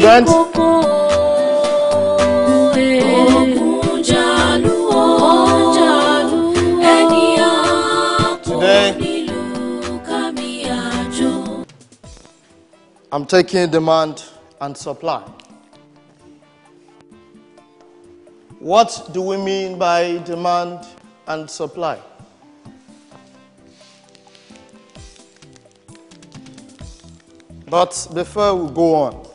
students. Today, I'm taking demand and supply. What do we mean by demand and supply? But before we go on,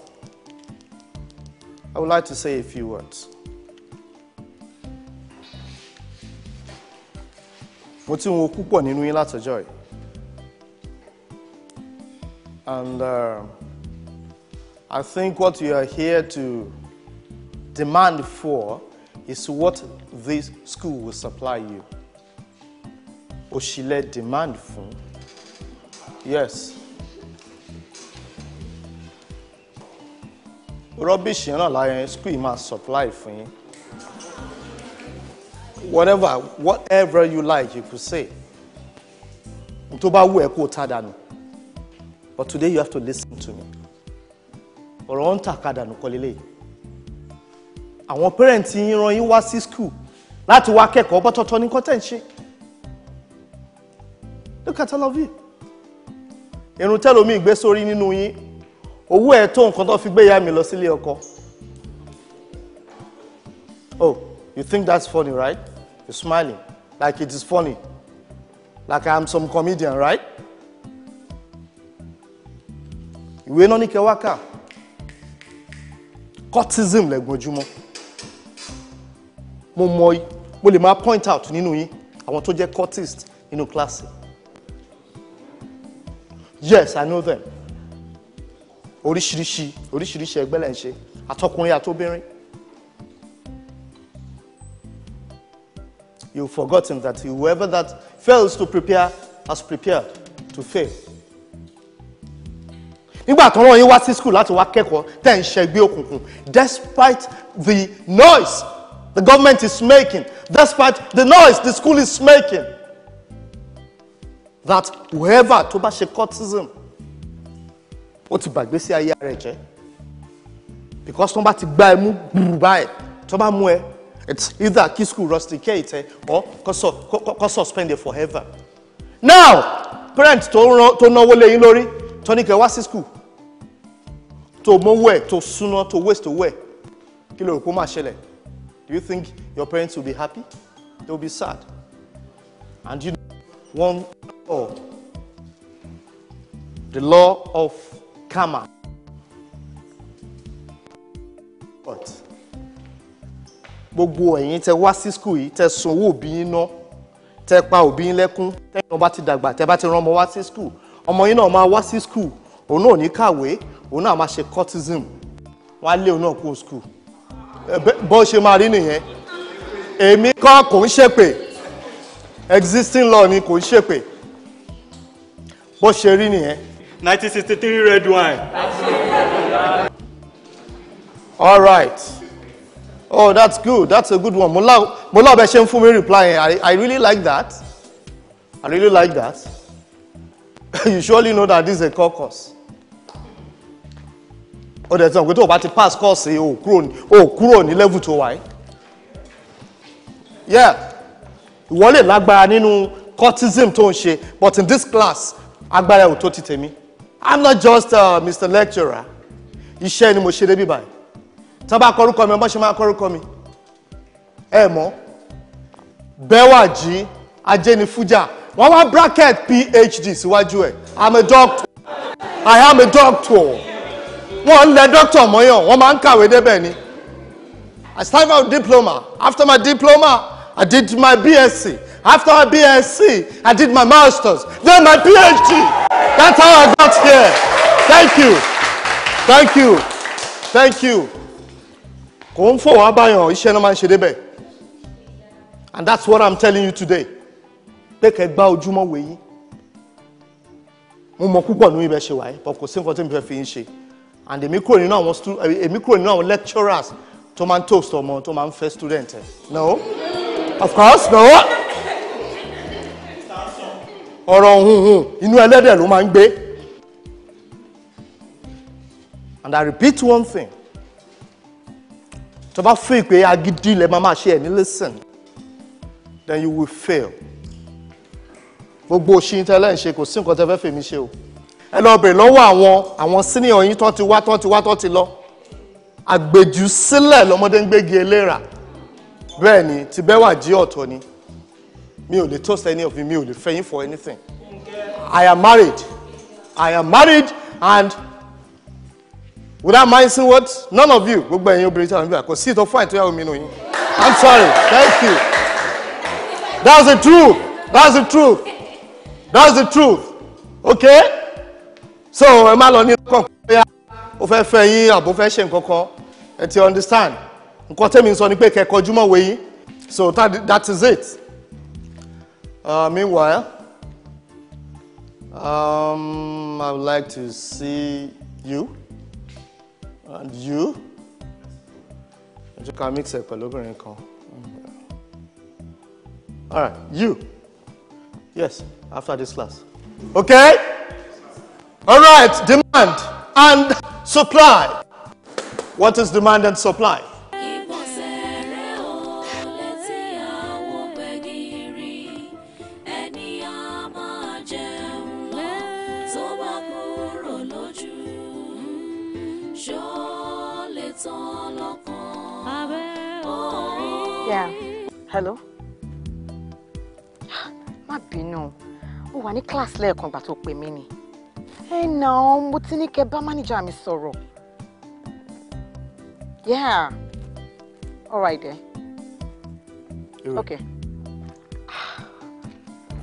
I would like to say a few words. mo ti wo púpọ̀ nínú yín látọjọ́ yìí and uh, I think what you are here to demand for is what this school will supply you òṣìlẹ̀ demand fún yes rubbish yẹn náà láyẹn school máa supply fún yín whatever whatever you like you could say tó bá wù ẹ́ kó o ta dànù but today you have to listen to me ọ̀rọ̀ ń tàka dànù kọ́ lélẹ́yìí àwọn parents yín rán yín wá sí school láti wá kẹ́kọ̀ọ́ bọ́tọ̀tọ̀ ní kọ́tẹ́ ń ṣe look at all of you irun tẹ́lómi ìgbésórí nínú yín owó ẹ̀ tó nǹkan tó fi gbé ìyá mi lọ sílé ọkọ oh you think that's funny right you smiling like it is funny like I'm some comedian right ìwé náà ní kẹwàá kà cortism lẹ́gbọ̀n ojúmọ́ mo mọ mo lè máa point out nínú yín àwọn tó jẹ́ cortist nínú kíláàsì yes I know them oríṣiríṣi oríṣiríṣi ẹgbẹ́ lẹ́ ń ṣe àtọkùnrin àtobìnrin. You've forgotten that whoever that fails to prepare has prepared to fail. Nígbà tó rán yín wá sí school láti wá kẹ́kọ̀ọ́ tẹ̀ ń ṣẹgbẹ́ òkùnkùn despite the noise the government is making despite the noise the school is making that whoever tó bá ṣe cultism ó ti bàgbé sí ayé rẹ̀ jẹ́ because tó bá ti gbá ẹ mú gbùrù báyìí tó bá mú ẹ it's either kí school rusticate ẹ or kó suspend it forever now parent tó náwó lé yín lórí tó ní kẹ́ wá sí school tó mówó ẹ tó súná tó waste owó ẹ kí ló rò pé ó máa ṣẹlẹ̀ do you think your parents will be happy they will be sad and you know one law the law of kama gbogbo ẹyin tẹ wá sí skul yìí tẹ sanwó òbí yín ná tẹ pa òbí yín lẹ́kún tẹ́yìn ọba ti dàgbà tẹ bá ti rán ọmọ wá sí skul ọmọ yín náà máa wá sí skul òun náà ò ní kàwé òun náà máa ṣe cultism wọn á lé òun náà kó skul bó ṣe máa rí nìyẹn èmi kọ́ kò ń ṣèpè existing law ni kò ń ṣèpè bó ṣe rí nìyẹn. 1963 red wine. All right. Oh, that's good. That's a good one. Mola Beshem Fumi replying. I, I really like that. I really like that. you surely know that this is a caucus. Ó dẹ̀ tí wọ́n to tó o bá ti pass course o oh ní level tó why? Yeah, You want it like by nínú cultism tó ń ṣe but in this class agbára ò tó ti tèmi. I'm not just uh, Mr. Lecturer iṣẹ́ ni mo ṣe débi báyìí tá a bá kọrúkọ mi ọmọ ṣe máa kọrúkọ mi ẹ mọ̀ Bẹ́wàjí Ajénifújà wọ́n wá bracket PhD síwájú ẹ̀ I'm a doctor I am a doctor wọ́n ń lẹ doctor mọ́yàn wọ́n máa ń kàwé débẹ̀ ni I started my diploma after my diploma I did my BSc After my BSc, I did my master's, then my PhD. That's how I got here. Thank you. Thank you. Thank you. Kò ń fò wá báyọ̀, iṣẹ́ náà máa ń ṣe débẹ̀. And that's what I'm telling you today. Pé kẹ́ gbá ojúmọ́ wèyí. Mo mọ púpọ̀ nínú ibẹ̀ ṣe wáyé, but kò sí nǹkan tí mo fẹ́ fi ń ṣe. And èmi kúrò nínú àwọn stu eh, èmi kúrò nínú àwọn lecturers tó máa ń toast ọmọ tó máa ń fẹ́ student No? Of course, no ọ̀rọ̀ hunhun inú ẹlẹ́dẹ̀ ló máa ń gbé. and I repeat one thing tó bá fún ìpè agídí lẹ máa máa ṣe ẹ̀ ní listen then you will fail. gbogbo òṣì tẹ́lẹ̀ ń ṣe kò sí nǹkan tẹ́ fẹ́ fèmí ṣe o ẹ lọ bèrè lọ́wọ́ àwọn àwọn senior yín tó ti wá tó ti wá tó ti lọ àgbèjù sílẹ̀ lọ́mọdé ń gbégi eléra bẹ́ẹ̀ ni tìbẹ́wà jí ọ̀tọ̀ ni mi ò lè toast any of you mi ò lè fẹ́ for anything I am married I am married and without my minding words none of you gbogbo ẹ̀yin obìnrin tí a ń bí àkọsí ìtọ́ fún àìtọ́yàwó mi nù yín I'm sorry thank you that's the truth that's the truth that's the truth okay so ẹ má lọ ní ọkàn pé ó fẹ́ fẹ́ yín àbó fẹ́ ṣe nǹkan kan ẹ ti understand nǹkan tẹ́mi sọ ni pé kẹ́kọ̀ọ́ jùmọ̀ wẹ̀yìn so that, that is it. Uh, meanwhile, um, I would like to see you and you. You can mix it All right, you. Yes, after this class. Okay? All right, demand and supply. What is demand and supply? hello má bínú mo wà ní class lẹ́ẹ̀kan ìgbà tó pè mí ni ẹ nà án mo ti ní kẹ́ bá manager mi sọ̀rọ̀ yeah all right then eh? okay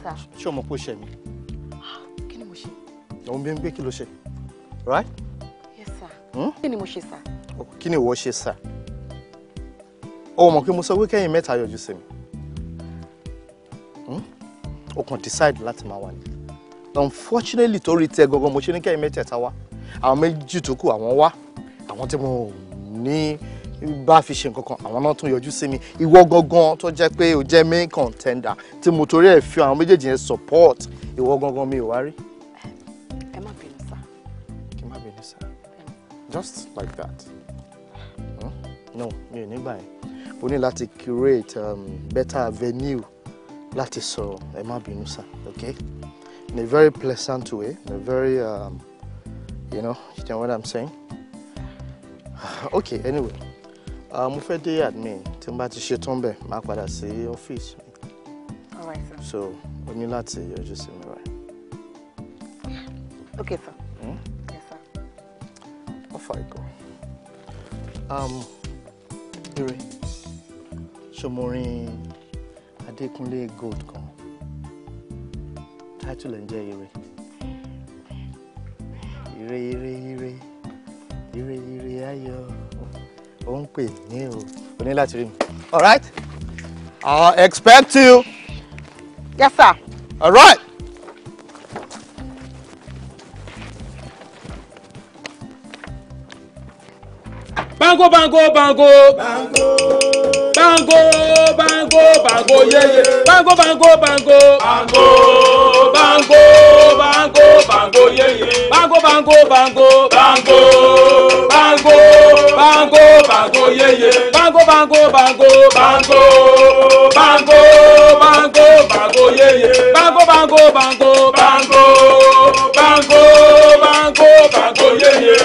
ah. ṣé o mọ̀ ṣe mí. kí ni mo ṣe. òun bí ń gbé kí ló ṣe right. yes sir. Hmm? kí ni mo ṣe sir. Oh, kí ni ìwọ ṣe sir o mọ̀ pé mo sọ wíkẹ́yìn mẹ́ta yọjú sí mi hmm? o kàn decide láti máa wà ní unfortunately torí tẹ gangan mo ṣe ní kẹ́yìn mẹ́tẹ̀ẹ̀ta wá àwọn méjì tó kù àwọn wá àwọn tí mo ní bá fi ṣe nǹkan kan àwọn náà tún yọjú sí mi ìwọ gangan tó jẹ́ pé o jẹ́ main contender tí mo torí ẹ̀ fi àwọn méjèèjì yẹn support ìwọ gangan mi ò wá rí. ẹ má bínú sá. kí má bínú sá just like that. Hmm? no mi ò ní gbà yẹn o ní láti curate um, better venue láti so. ẹ má bínú sá okay in a very pleasant way in a very um, you know you know what i'm saying okay anyway uh, mo fẹ́ dé admin tí n bá ti ṣe tán bẹ́ẹ̀ máa padà sí ọ́fíìsì mi so o ní láti yọjú sí mi right. okay sir. Hmm? yes sir. off i go. Um, ṣọmọrin Adékúnlé Gold kan title ẹ̀ ń jẹ́ ire ire ire ire ire ire ayọ̀ ó ń pè ní o o ní láti rí mi all right I expect you. yes sir. all right. bango bango bango. bango bango bango bango yeye bango bango bango bango bango bango bango yeye bango bango bango bango bango bango bango yeye bango bango bango bango bango bango bango yeye bango bango bango bango bango bango bango yeye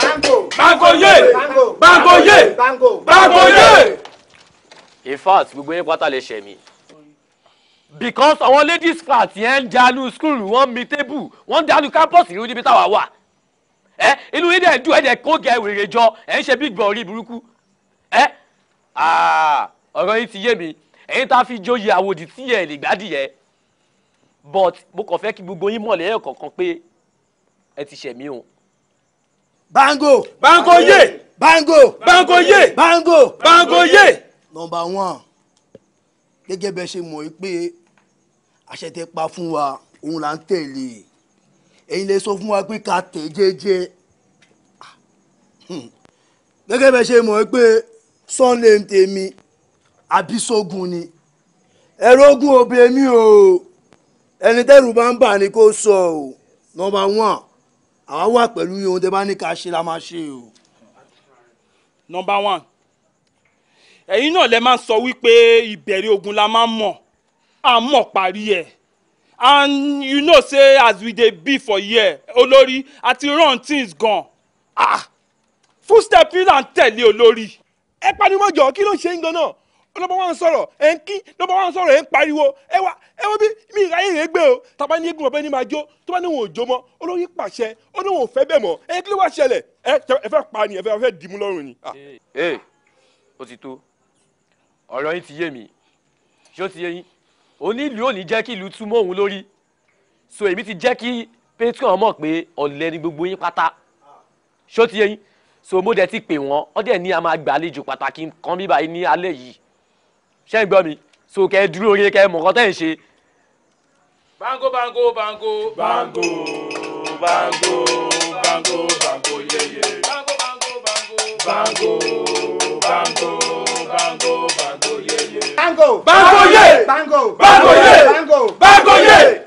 bango bango ye bango ye bango ye in fact gbogbo yín pátá lè ṣẹ̀mí because àwọn ladies flat yẹn ń dànù school wọ́n mi table wọ́n ń dànù campus ìlú níbi táwa wà ẹ inú yín dẹ̀ dùn ẹ̀ dẹ̀ kó gẹ̀ wèrè jọ ẹ̀ ń ṣe big boy orí burúkú ẹ ah, ọ̀rọ̀ yín ti yé mi ẹ̀yin tá a fi joyè àwòdì tí yẹ lè gbádìyẹ but mo kàn fẹ́ kí gbogbo yín mọ̀lẹ́ ẹ̀ kọ̀ọ̀kan pé ẹ ti ṣẹ̀mí o. bango bango ye bango bango ye bango bango ye. Bango nọmba one gẹ́gẹ́ bẹ́ẹ̀ ṣe mọ̀ pé àṣẹ tẹ́ pa fún wa òun là ń tẹ̀lé ẹ̀yin lè sọ fún wa pé ká tẹ̀ jẹ́jẹ́ hmm. gẹ́gẹ́ bẹ́ẹ̀ ṣe mọ̀ pé sunday ń tèmi abisogun ni ẹ̀rọ ogun obìnrin mi o ẹni tẹ́rù bá ń bà ní kó sọ o nọmba one àwa wà pẹ̀lú ohun tẹ́ bá ní ká ṣe la máa ṣe o. nọmba one ẹ̀yin náà lẹ máa ń sọ wípé ìbẹ̀rẹ̀ ogun la máa ń mọ̀ à ń mọ̀ parí ẹ̀ and you know say as we dey be for here olórí àti run things gan ah full ni là ń tẹ̀lé olórí. ẹ pariwo jọ kí ló ṣe ń gan náà lọ́bọ̀ wọn sọ̀rọ̀ ẹ̀ ń kí lọ́bọ̀ wọn sọ̀rọ̀ ẹ̀ ń pariwo ẹ wá ẹ wọ́n bí mi ìráyè rẹ̀ gbé o tàbá ní eégún ọ̀bẹ ní máa jó tó bá ní wọn ò jó mọ́ olórí pàṣẹ ó ní wọn ò fẹ́ bẹ́ẹ̀ mọ́ ẹ kí ló wá ṣẹlẹ̀ ẹ fẹ́ pa ni ẹ fẹ́ dìímú lọ́rùn ni. Ah. ee o ti tó ọ̀rọ̀ yín ti yé mi ṣé ó ti yé yín onílù ò ní jẹ́ kí ìlú túmọ̀ òun lórí so èmi ti jẹ́ kí patreon mọ̀ pé ọ̀lẹ ni gbogbo yín pátá ṣé ó ti yé yín so mo dẹ̀ ti pè wọ́n ọ́ dẹ̀ ní a máa gbàlejò pàtàkì kan bíbá yìí ní alẹ́ yìí ṣé ń gbọ́ mi so kẹ́ ẹ dúró orin kẹ́ ẹ mọ̀ kọ́ tẹ́ ẹ̀ ṣe. bango bango bango. bango bango bango bango yeye. bango bango bango. bango bango bango bangoye bango ye, bango bango ye. bango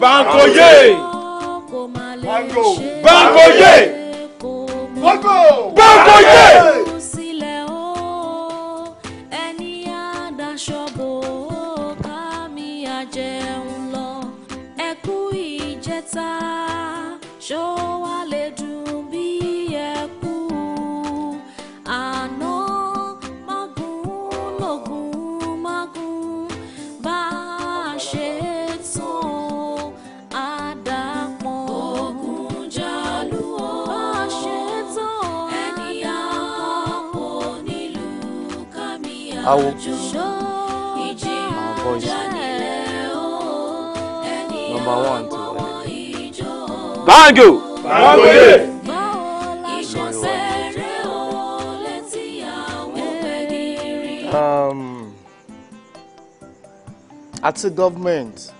bangoye bango bangoye. awo our boys number one ti wọlé. banjo. banjo ye. Um, àti government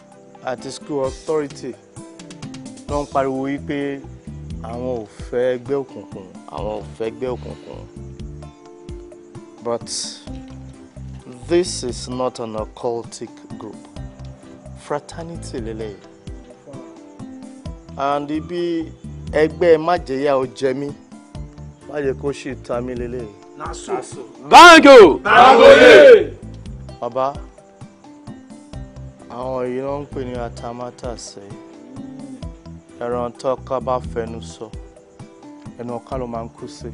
school authority ló ń pariwo wípé àwọn ò fẹ́ ẹgbẹ́ òkùnkùn àwọn ò fẹ́ ẹgbẹ́ òkùnkùn but This is not an occultic group. Fraternity lele. And ibi ẹgbẹ́ majeya ojemi, májè kó sì ta lele. Naso. Bango. Bangoye. Baba. àwọn yìí ló ń pè ní atamátàsé ẹran tó ká bá fẹnu sọ ẹnu ọ̀ká ló máa ń kú sí.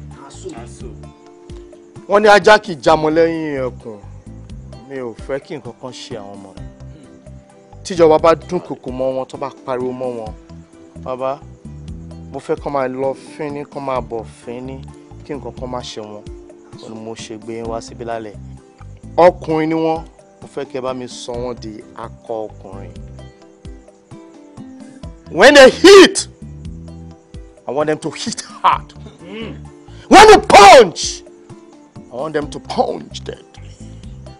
Wọ́n ní ajá kìí jámọ́ lẹ́yìn ẹkùn mi ò fẹ́ kí nǹkan kan ṣe àwọn ọmọ rẹ̀ tíjọba bá dúnkokò mọ́ wọn tó bá pariwo mọ́ wọn bàbá mo fẹ́ kọ́ máa lọ fínní kọ́ máa bọ̀ fínní kí nǹkan kan má ṣe wọn ni mo ṣe gbé wá síbi lálẹ́ ọkùnrin ni wọ́n mo fẹ́ kí ẹ bá mi sọ wọ́n di akọ ọkùnrin when they hit I want them to hit hard hmm. when they punch I want them to punch dead.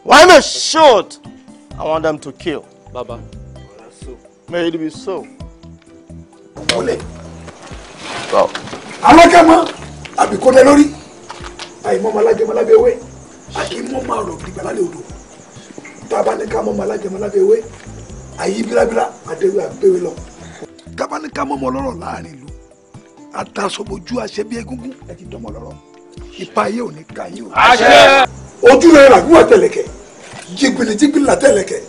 Why am I short? I want them to kill. Baba. May it be so. Wọlé. Alágàmọ́ àbí kọ́dẹ lórí. Àìmọ́ malágẹmọ́ lábẹ́ ewé. Àkímọ́ máa rọ̀ gbígbà lálẹ́ odò. Tábà ní ká mọ́ malágẹmọ́ lábẹ́ ewé. Àyí bílábílá àdéhùn àgbéwé lọ. Tábà ní ká mọ́ ọmọ ọlọ́rọ̀ láàrin ìlú. Àtàsọ̀bọ̀jú àṣẹ bí egúngún. Ẹ ti dánmọ̀ lọ́rọ̀. Ipa ayé ò ní ká yín o. Àṣẹ. Ojú rẹ̀ ràgúwà tẹ̀lẹ̀kẹ̀ jigbini jigbini la tẹ́lẹ̀ kẹ́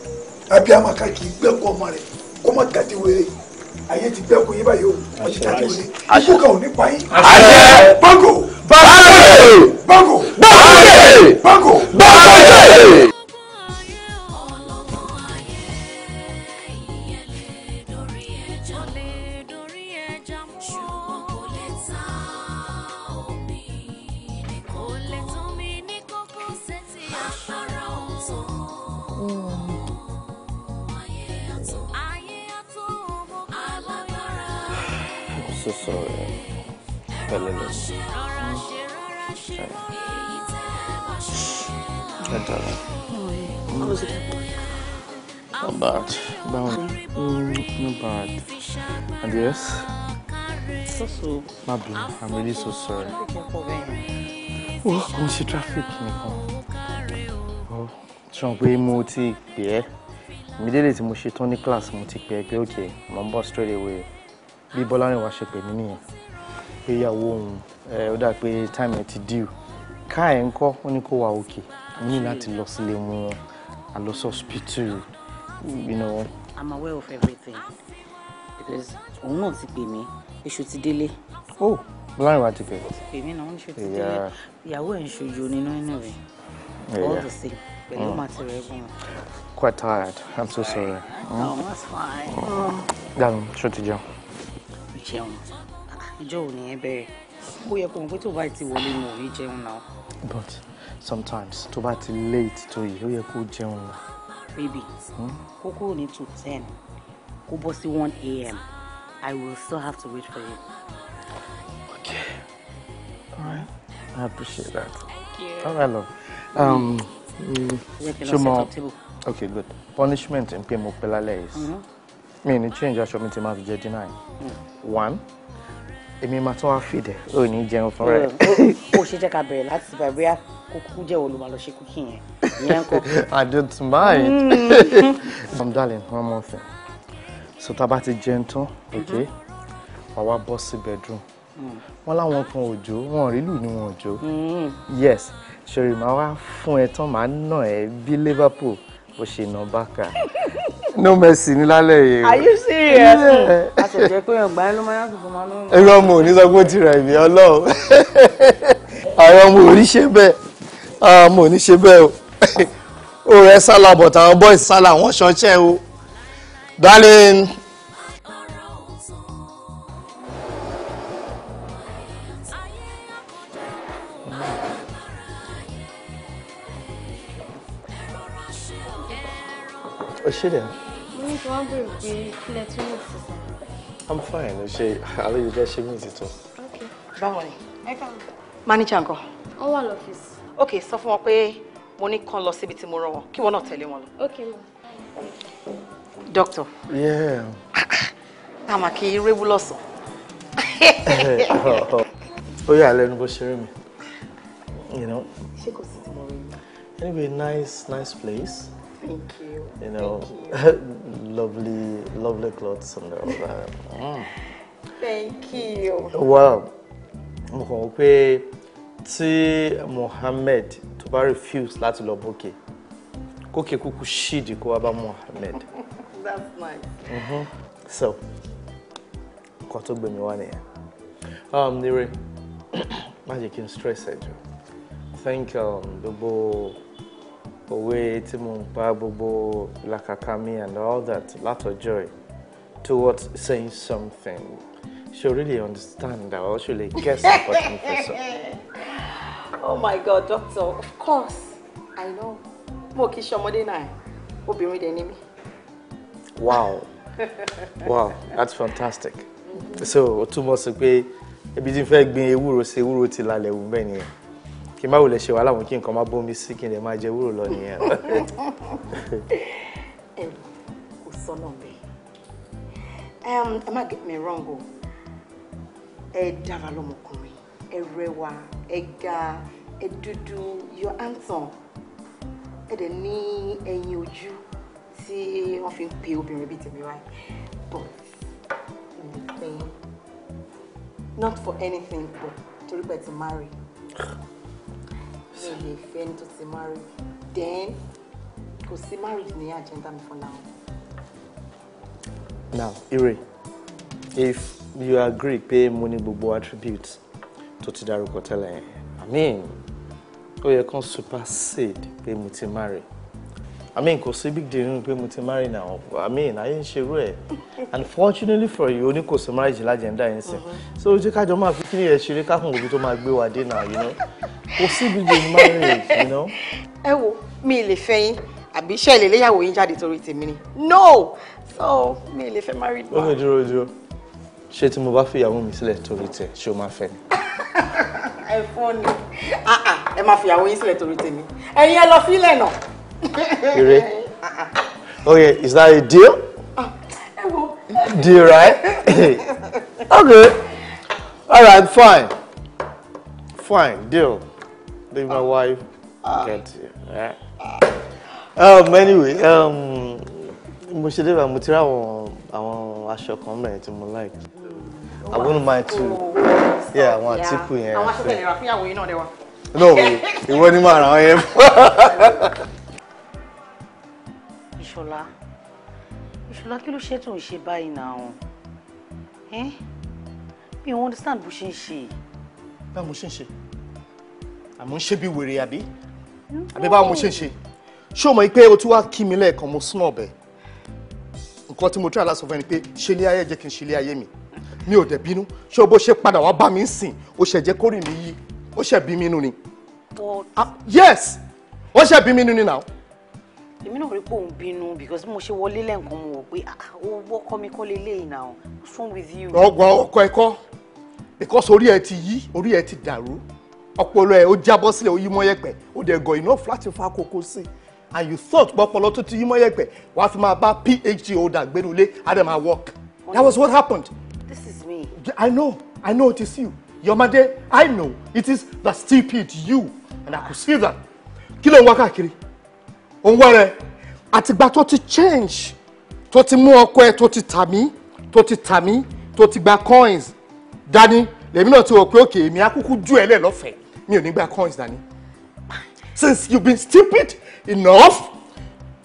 abiyama ká kì í gbẹ́ kọ́ ọmọ rẹ̀ kó má gàdí wèrè ayé ti gbẹ́ kó yé báyìí o wọ́n ti gàdí wèrè ikú kan ò ní pa yín. àṣẹ bágò bágò bágò bágò bágò. má bínú i'm really so sorry. ó kàn ṣe traffic Oh, ó sọ pé mo ti pè ẹ́ immediately tí mo ṣe tán class mo ti pè ẹ́ pé okay mo ń straight away bí Bọ́lárìnwá ṣe pè mí nìyẹn pé ìyàwó òun ó dà pé time ẹ ti due ká ẹ̀ ń kọ́ ó ní kó wà òkè ní láti lọ sílé mu wọn àlọ́ hospital you know. i'm aware of everything because òun náà ti pè mí èṣù ti délé. Oh, láàrin wa ti fẹ́. èmi náà ń ṣe ti délé ìyàwó ẹ̀ ń ṣojo nínú inú rẹ̀ all the same pẹ̀lú mm. màtìrẹ̀ ẹ̀gbọ́n. quite tired i'm so sorry. no mm. oh, that's fine. Mm. dànù ṣó ti jẹun. jẹun ah, ìjọ ò ní ẹ bẹ̀rẹ̀ ó yẹ kó o pé tó bá ti wọlé mi ò ní jẹun náà. but sometimes tó bá ti late tó yìí ó yẹ kó o jẹun náà. baby kókó ní to ten kó bọ́ sí one a.m. i will still have to wait for you. Okay. All right. I appreciate that. Thank you. All right, love. Um, mm. Shumo. Okay, good. Punishment in Pemo Pelale is. Mi ni change I mi ti máa fi jẹ deny. Mm. One, èmi máa tún wá fìdẹ̀, ó ní jẹun fún rẹ̀. Ó mm. ṣe jẹ́ ká bẹ̀rẹ̀ láti bẹ̀rẹ̀ bóyá kúkú jẹ́ olùmọ̀ lọ ṣe kúkì yẹn. Ìyẹn kọ́. I don't mind. I'm darling, one more thing. So tá a bá ti jẹun tán, okay, wàá mm-hmm. wá bọ́ sí bedroom wọ́n láwọn kan ò wọn rí lù ní wọn ò hmm. yes ṣòrí máa wá fún ẹ tán máa nà ẹ bí Liverpool bó ṣe nà bákà no mercy ní lálẹ́ yìí. are you serious? àtẹ̀jẹ́ pé ọgbà ẹ ló máa yàtọ̀ fún ma ló ń bọ̀. irọ́ mo ò ní sọ pé ó ti rà ìbí ọlọ́run àwọn ọmọ ò ní ṣe bẹ́ẹ̀ àwọn ọmọ ò ní ṣe bẹ́ẹ̀ o ó rẹ sálà bọ̀tà àwọn boys sálà wọ́n ṣọṣẹ́ o darling. o ṣe dẹ. mo ní kí wọ́n béèrè pé kílẹ̀ tún lè ti sọ. i'm fine o ṣe àlejò fẹ́ ṣe mí Okay. báwo ni. manager nǹkan. wọ́n wà lọ́fíìsì. ok sọ fún wọn pé mo ní kàn lọ síbi tí mo rán wọn kí wọn náà tẹ̀lé wọn lọ. ok ma. doctor. yeah. tàmà kì í réwú lọ́sàn. ó yà lẹ́nu bó ṣe rí mi. you know. ṣé kò anyway nice nice place. Thank you. You know, you. lovely, lovely clothes and all that. Mm. Thank you. Well, mo kàn wọ́n pé tí Mohammed tó bá refuse láti lọ bókè, kókè kúkú ṣíìdì kó wá bá Mohammed. That's nice. Mm-hmm. So, nǹkan tó gbé mi wá nìyẹn. Um, Nire, má jẹ́ kí n stress ẹ̀ jù. Thank um, gbogbo òwe tí mo ń pa gbogbo làkàkà mi and all that látọjọ́ ẹ̀ towards saying something she really understand or she really guess about me first. oh my god doctor of course i know mo kì í ṣọmọdé náà obìnrin dẹ̀ ni mí. wow wow that's fantastic mm -hmm. so o túmọ̀ sí pé ebi tí n fẹ́ gbin ewúro sí ewúro ti lálẹ́ òun bẹ́ẹ̀ nìyẹn kí n má wulẹ̀ ṣe wàhálà wọn kí nǹkan má bómi sí kí n lè máa jẹ wúrò lọ nìyẹn. kò sọnà bẹ́ẹ̀ ẹ get me wrong o ẹ dára lọmọkùnrin ẹ rẹwà ẹ ga ẹ dúdú yọ handsome ẹ dẹ̀ ní ẹyin ojú tí wọ́n fi ń pe obìnrin bíi tèmi wáyé but not for anything but torí pé ti marry mi ò lè fẹ́ ní tó then kò sí marriage ní agenda mi for now. now ire if you agree pay mo ní gbogbo attributes tó ti dárúkọ tẹ́lẹ̀ yẹn i mean ó yẹ kán supersede pé mo ti marry I mean, kò sí big deal nínú pé mo ti marry now. I mean, ayé ń sure? Unfortunately for you, o ní kò sí marriage lájẹ̀ndà yẹn sìn. So ojú kájọ máa fi kíni ẹ̀ ṣeré kákùn òbí tó to gbé wa dé now, you know. Kò sí big deal marriage, you know. Ẹ wo, mi ì lè fẹ́ yín àbí iṣẹ́ ilé ìyàwó yín jáde torí tèmi ni. No! So, me ì lè fẹ́ married man. Ó mi dúró dúró. Ṣé tí mo bá fi ìyàwó mi sílẹ̀ torí tẹ̀, ṣé o máa fẹ́ ah, Ẹ fún ni. Ah, ah, ẹ máa fi ìyàwó yín sílẹ̀ torí tèmi. Ẹ̀yin ẹ lọ fílẹ̀ náà. Ire. Okay, is that a deal? Deal, right? okay. All right, fine. Fine, deal. Leave my wife. Get right. Um, anyway, um, mo ṣe débà mo ti rí àwọn àwọn aṣọ kan mẹ́rin tí mo like. I wouldn't mind to. Yeah, àwọn àtìkù yẹn. Àwọn aṣọ tẹ̀lé ra fún ìyàwó yìí náà dẹ̀ No, ìwọ ni màá ra wọn yẹn. Ìṣọ̀lá Ìṣọ̀lá kí ló ṣe tó ń ṣe báyìí náà o mi ò understand bó ṣe ń ṣe. báwo mo ṣe ń ṣe àmọ́ ń ṣe bí wèrè àbí àbí báwo mo ṣe ń ṣe ṣé o mọ̀ pé o tún wá kí mi lẹ́ẹ̀kan mo sún ọ̀bẹ nǹkan tí mo tún àlásọ fún ẹni pé ṣe ilé ayé jẹ́ kí n ṣe ilé ayé mi mi ò dẹ̀ bínú ṣé o bó ṣe padà wá bá mi ń sìn o ṣẹ̀ jẹ́ kórìí mi yí o ṣẹ̀ bí mi nínú ni. Ah, yes o ṣẹ̀ bí mi nínú ni now èmi náà rí pé òun bínú because mo ṣe wọlé lẹ́ǹkan mo wò pé ah, owó ọkọ mi kọ́ lélẹ́yìn náà what's wrong with you. ọgbọ́n ọkọ ẹ̀kọ́ because orí ẹ ti yí orí ẹ ti dàrú ọpọlọ ẹ ó jábọ́ sílẹ̀ ó yí mọ́ yẹ̀pẹ̀ ó dẹ̀ gọ̀ iná fúláṣí fa kókó sí and you thought pọpọlọ tó ti yí mọ́ yẹ̀pẹ̀ wàá fi máa bá phd holder gbẹnulé adam and work that was what happened. this is me. i know i know it is you yomade i know it is the stupid you and i could see that kí ló ń wá káàkiri òun wẹrẹ àtìgbà tó ti change tó ti mú ọkọ ẹ tó ti tà mí tó ti tà mí tó ti gba coins dání lèmi náà ti wọ̀ pé òkè èmi akúkú jù ẹ lẹ̀ lọ́fẹ̀ẹ́ mi ò ní gba coins dání since you been stupid enough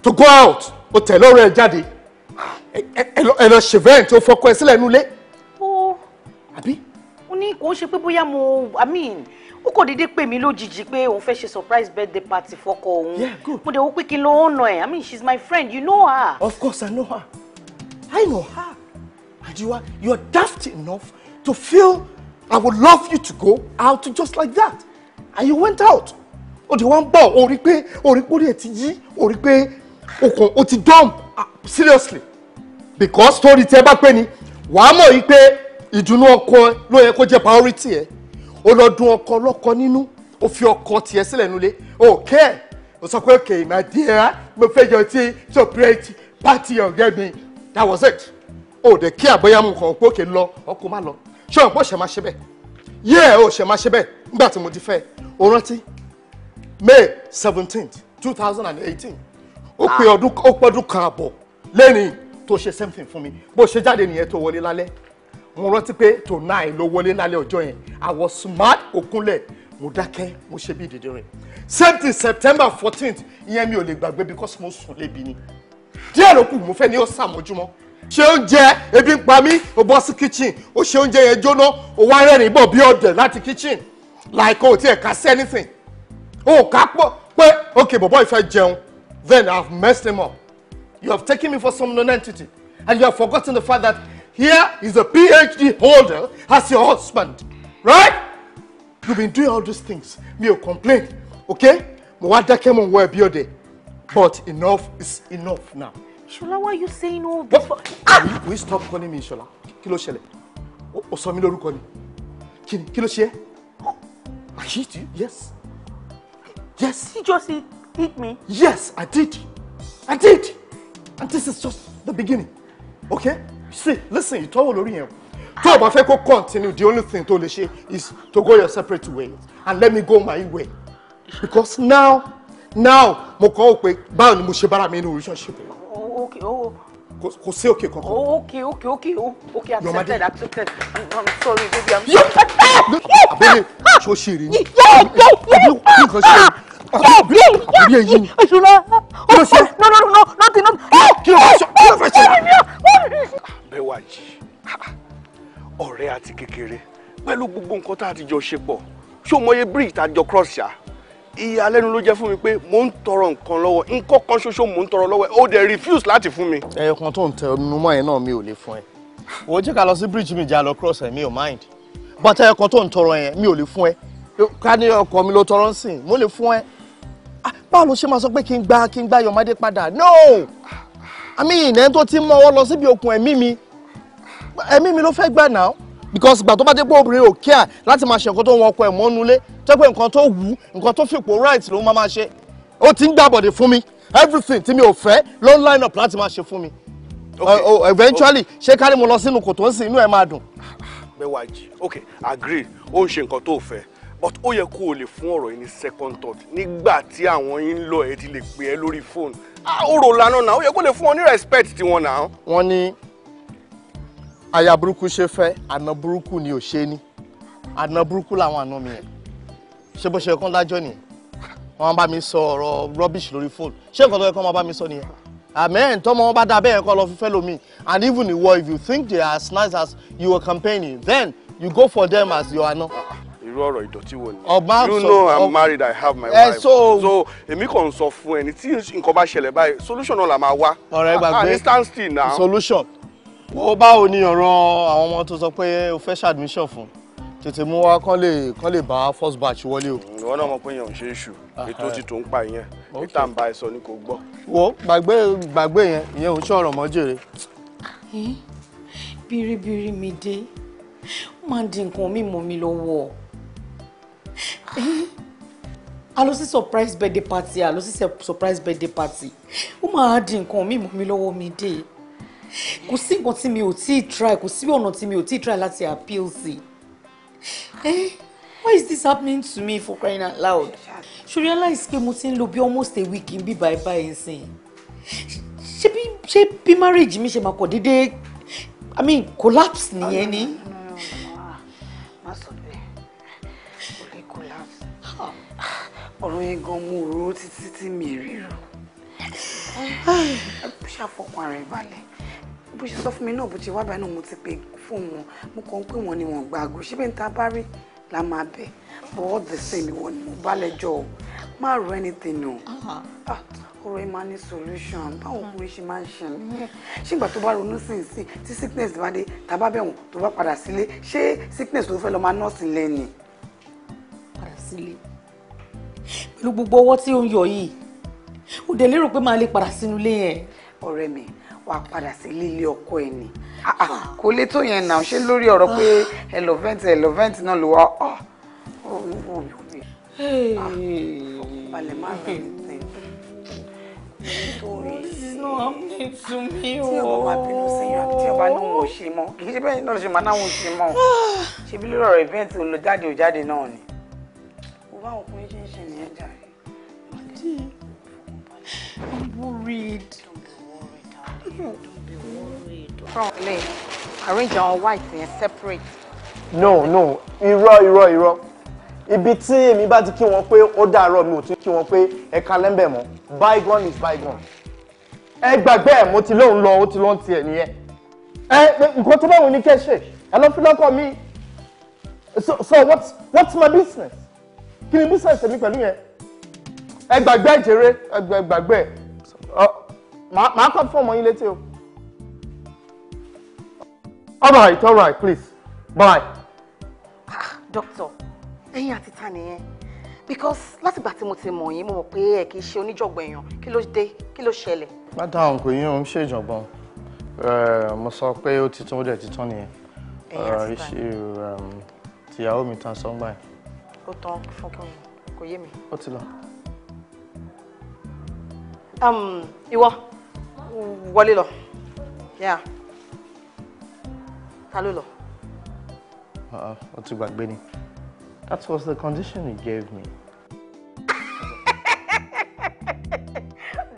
to go out o tẹ̀lé ọ̀rẹ́ ẹ jáde ẹ lọ ṣe vent o fọkọ ẹ sílẹ̀ nulẹ̀ àbí. ó ní kò ń ṣe pé bóyá mo i mean ó kò dédé pè mí lójijì pé òun fẹ́ ṣe surprise birthday party fọkọ òun mo dẹ̀ wò pé kí n lọ ọ̀nà ẹ̀ i mean she's my friend you know her. of course i know her i know her ajiwa you are daft enough to feel i would love you to go out just like that and you went out o de wa n bọ o rí pé o rí pé o rí ẹ ti yí o rí pé o kàn o ti dump ah, seriously because story tẹ bá pé ni wàá mọ̀ yí pé ìdùnnú ọkọ ló yẹ kó jẹ́ priority ẹ̀. Eh? ó lọ dún ọkọ ọlọ́kọ nínú ó fi ọkọ tiẹ̀ sílẹ̀ nulẹ̀ ó kẹ́ ẹ̀ ó sọ pé okay my dear mo fẹ́ yọ tí separate party ọ̀gẹ́ mi that was it ó dẹ̀ kí àbọ̀yá mu kàn pé òkè lọ ọkọ má lọ ṣé òun pọ̀ ṣẹ̀ máa ṣe bẹ́ẹ̀ yẹ́ ò ṣẹ̀ máa ṣe bẹ́ẹ̀ nígbà tí mo ti fẹ́ o rántí May seventeenth two thousand and eighteen ó pé ah. ọdún ó pọ́dún kan àbọ̀ lẹ́yìn tó ṣe same thing fún mi bó ṣe jáde nìyẹn tó wọlé lálẹ́ mo rántí pé tònáì ló wọlé lálẹ́ ọjọ́ yẹn àwọ̀ smart òkúnlẹ̀ mo dákẹ́ mo ṣe bí dídín same thing september fourteenth ìyẹn mi ò lè gbàgbé because mo sùn lébi ni díẹ̀ ló kù mo fẹ́ ní ó sàmójúmọ́ ṣe oúnjẹ ebi ń pa mí o bọ́ sí kitchen o ṣe oúnjẹ yẹn jóná o wá rẹ́rìn bọ̀ bí ọ̀dẹ̀ láti kitchen like o tiẹ̀ ká sí anything o ká pọ̀ pé okay bọ̀bọ̀ ìfẹ́ jẹun then i have messed him up you have taken me for some non-entity and you have forgotten the fact that here is a PhD holder as your husband, right? You've been doing all these things. Me, you complain, okay? But what that came on where be day. But enough is enough now. Shola, why are you saying all this? What? Ah! Will you stop calling me Shola? Kilo ló Osami Ó sọ mí lórúkọ ni. Kí I hit you? Yes. Yes. He just hit, hit me? Yes, I did. I did. And this is just the beginning. Okay? see listen ìtọ́wò lórí yẹn tó o bá fẹ́ kó continue the only thing tó lè ṣe is to go your separate way and let me go my way because now now mo kọ́ ọ pé báwo ni mo ṣe bára mi nínú relationship oh, oh. kò sí òkè kankan. Oh, okay okay okay okay accepted accepted i'm, I'm sorry baby i'm sorry. abẹ́lẹ̀ ah! ṣó ṣe rí ni. yẹ́ẹ̀ yẹ́ẹ̀ yẹ́ẹ̀ yẹ yìí ni. ìṣúná ó ṣe no no no nothing nothing. kí ló fẹ́ ṣe kí ló fẹ́ ṣe. Bẹ́wàjí ọ̀rẹ́ àti kékeré pẹ̀lú gbogbo nǹkan tá a ti jọ ṣe pọ̀ ṣó mọye bridge tá a jọ cross ṣá ìyàlẹ́nu ló jẹ́ fún mi pé mò ń tọrọ nǹkan lọ́wọ́ nǹkan kan ṣoṣo mò ń tọrọ lọ́wọ́ ẹ̀ ó dẹ̀ refuse láti fún mi. ẹ̀ẹ̀kan tó ń tẹ numọ́ yẹn náà mi ò lè fún ẹ wò ó jẹ́ ká lọ sí bridge mi já lọ cross ẹ̀ mi ò mind bàtà ẹ̀ẹ̀kan tó ń tọrọ yẹn mi ò lè fún ẹ ká ní ọkọ mi ló tọrọ ń sìn mo lè fún ẹ Ah, báwo ló ṣe máa sọ pé kí n gba kí n gba Yọ̀mádé padà no àmì ìnẹ́ tó ti mọ́ ọ lọ síbi okùn ẹ̀mí mi ẹ̀mí mi ló fẹ́ gbà náà because gbà tó bá dé pé obìnrin ò kíà láti máa ṣe nǹkan tó ń wọn ọkọ ẹ̀ mọ́nulé tó pé nǹkan tó wù ú nǹkan tó fipò right ló máa ṣe ó ti ń gbàbọ̀dẹ̀ fún mi everything tí mi ò fẹ́ ló ń line up láti máa ṣe fún mi uh, oh, eventually ṣé kárí mo lọ sínú kòtò ń sìn inú ẹ̀ máa dùn. bẹ́ẹ̀ wá jí ok agree ó ń ṣe nǹkan tó fẹ́ but ó yẹ kó o lè fún ọ̀rọ̀ yìí ní second thought nígbà tí àwọn yín ń lọ ẹ ti lè pè ẹ́ lórí fóònù ọ̀rọ̀ lànà náà ó yẹ kó lè fún ọ ní respect tiwọn náà. wọ́n ní aya burúkú ṣe fẹ́ àna burúkú ni ò ṣe ní àna burúkú làwọn àna mi yẹn ṣé bó ṣe kán lájọ́ nìyẹn wọ́n bá mi sọ ọ̀rọ̀ rubbish lórí fóònù ṣé nǹkan tó yẹ kán wọ́n bá mi sọ nìyẹn amen tọmọ wọn bá dá bẹ́ẹ̀ kọ́ lọ fífẹ́ lomi and even ìwọ if you think they are as nice as you were campaigning then you go for them as your àna irú ọ̀rọ̀ ìdọ̀tí wo ni. ọba sọ you know i'm married i have my wife. so èmi kàn ń sọ fún ẹni tí nǹkan bá ṣẹlẹ̀ báyìí solution náà la máa wá. ọ̀rẹ́ gbàgbé and ah, stand still now. solution wo báwo ni ọ̀rọ̀ àwọn ọmọ tó sọ pé o fẹ́ ṣàdmíṣàn fún tètè mú wa kán lè kán lè bá first batch wọlé o. ìwọ náà mọ̀ pé èèyàn ṣe é ṣù ètò ti tó ń pa ìyẹn níta ń ba ẹsọ ni kò gbọ́. wo gbàgbé gbàgbé yẹn ìyẹn ò ń ṣọ̀rọ̀ mọ́ jèrè. Eh? bíríbírí mi dé ó máa di nǹkan mímu mi lọ́wọ́ a lọ sí surprise birthday party a lọ sí surprise birthday party ó máa di nǹkan mi mú mi lọ́wọ́ mi dé kò sí nǹkan tí mi ò tíì try kò sí ọ̀nà tí mi ò tíì try láti appeal sí eh why is this happening to me for crying out loud ṣe realize pé mo ti ń lo bí almost a week in bí bye bye nsìn ṣé bí ṣé bí marriage mi ṣe máa kọ̀ déédéé i mean collapse nìyẹn ni. No, no, no. ọ̀rọ̀ yẹn gan mo rò ó títí tí mi ríro bó ṣe àfọkàn ara ẹ̀ balẹ̀ bó ṣe sọ fún mi náà bó ṣe wábàá náà mo ti pe fóònù wọn mo kàn ń pè wọn ni wọn gba àgọ ṣé bí n bá rí la máa bẹ̀ but all the same ni mo bá lẹ́jọ́ o má rò anything o ah, ọ̀rọ̀ ẹ̀ máa ní solution báwo ọkùnrin ṣe máa ń ṣẹlẹ̀ mm. ṣé ìgbà tó bá ronú sí ìsìn tí sickness bá dé tàbá bẹ̀wọ̀n tó bá padà sílé ṣé sickness ló fẹ́ lọ́ọ́ máa nọ́ọ̀sì lẹ́ni. padà sílé pẹ̀lú gbogbo ọwọ́ tí ó ń yọ yìí ó dẹ̀ lérò pé màá lè padà sínú ilé yẹn. ọ̀rẹ́ mi wàá padà sí lílé ọkọ ẹ ni kò lè tó yẹn náà ṣé lórí ọ̀rọ̀ pé ẹlòvẹ́ǹtì ẹlòvẹ́ǹtì náà ló wá ọ́ balẹ̀ má rẹ̀ ní nítorí tí ọba bínú sẹ́yìn àbí tí ọba náà wọ́n ṣe mọ́ kì í ṣe bẹ́ẹ̀ náà ṣe máa náà wọ́n lórí ọ̀rọ̀ ìfẹ́ǹtì olùjáde òjáde náà ni. mo bá òkun ṣe I'm worried. Don't be worried, darling. arrange our whites and separate. No, no. Iro, Iro, Iro. Ibi tí èmi bá ti kí wọn pé ó dàárọ̀ mi ò tún kí wọn pé ẹ̀ka lẹ́m̀bẹ̀ mọ́. Bygone is bygone. Ẹ gbàgbé ẹ̀ mo ti lóun lọ, ó ti lọ́n tiẹ̀ nìyẹn. Ẹ nǹkan tó bá wù ní kẹ́ ṣe, ẹ lọ fi lọ́kọ̀ mi. So so what's what's my business? Kí ni business mi pẹ̀lú yẹn? ẹ gbàgbé ìjẹrẹ ẹ gbàgbé màá kọ́ fún ọmọ yín létí o. all right all right please bye. ah doctor ẹ̀yin àti ta nìyẹn because látìgbà tí mo ti mọ̀ yín mo mọ̀ pé ẹ kì í ṣe oníjọ̀gbọ̀n èèyàn kí ló dé kí ló ṣẹlẹ̀. madam kò yín o ń ṣe ìjọ̀gbọ̀n eh, mo sọ pé ó ti tán ó dẹ̀ ti tán nìyẹn ìṣirò tìyàwó mi tán sọ́ngbà yẹn. ó tán fún kí n kò yé mi. ó ti lọ. Um, ìwọ wọlé lọ ta ló lọ. Uh-uh, ó ti gbàgbé ni that was the condition he gave me.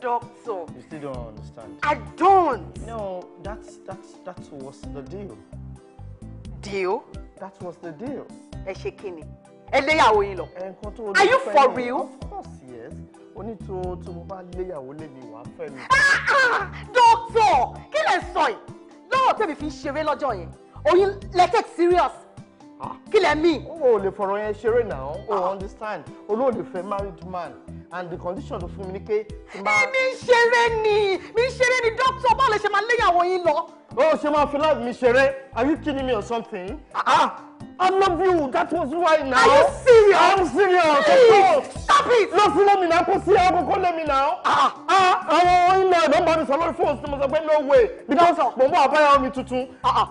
Doctor. You still don't understand. I don't. No, that's that's that was the deal. Deal? That was the deal. Ẹ ṣe kí ni? Ẹlẹ́yàwó yín lọ. Are you for real? Of course, yes onítò tó mo bá léyàwó lèmi wàá fẹ́ mi. Ah, ah, dókítà kí lè sọ yìí lọ́wọ́ tèmi fi ń ṣeré lọ́jọ́ yẹn oyin lè take serious ah. kí lè mí. o ò lè fọ̀rọ̀ yẹn ṣeré náà o ò understand olóòlè fẹ́ married man and the condition tó fún mi ni pé. èmi ń ṣeré ni mi ń ṣeré ni dókítà báwo lè ṣe máa léyàwó yín lọ. o ṣe máa fi láti mi ṣeré are you kidding me or something. Ah. I love you. That was why now. Are you serious? I'm serious. Please, stop it. Lọ sílẹ̀ mi náà kó sí aago kó lé mi náà. Ah. Ah, àwọn ìlọ ẹ̀dọ́ bá mi sọ lórí fóònù tí mo sọ pé no way. Because mo ń bọ̀ àbáyá omi tuntun. Ah,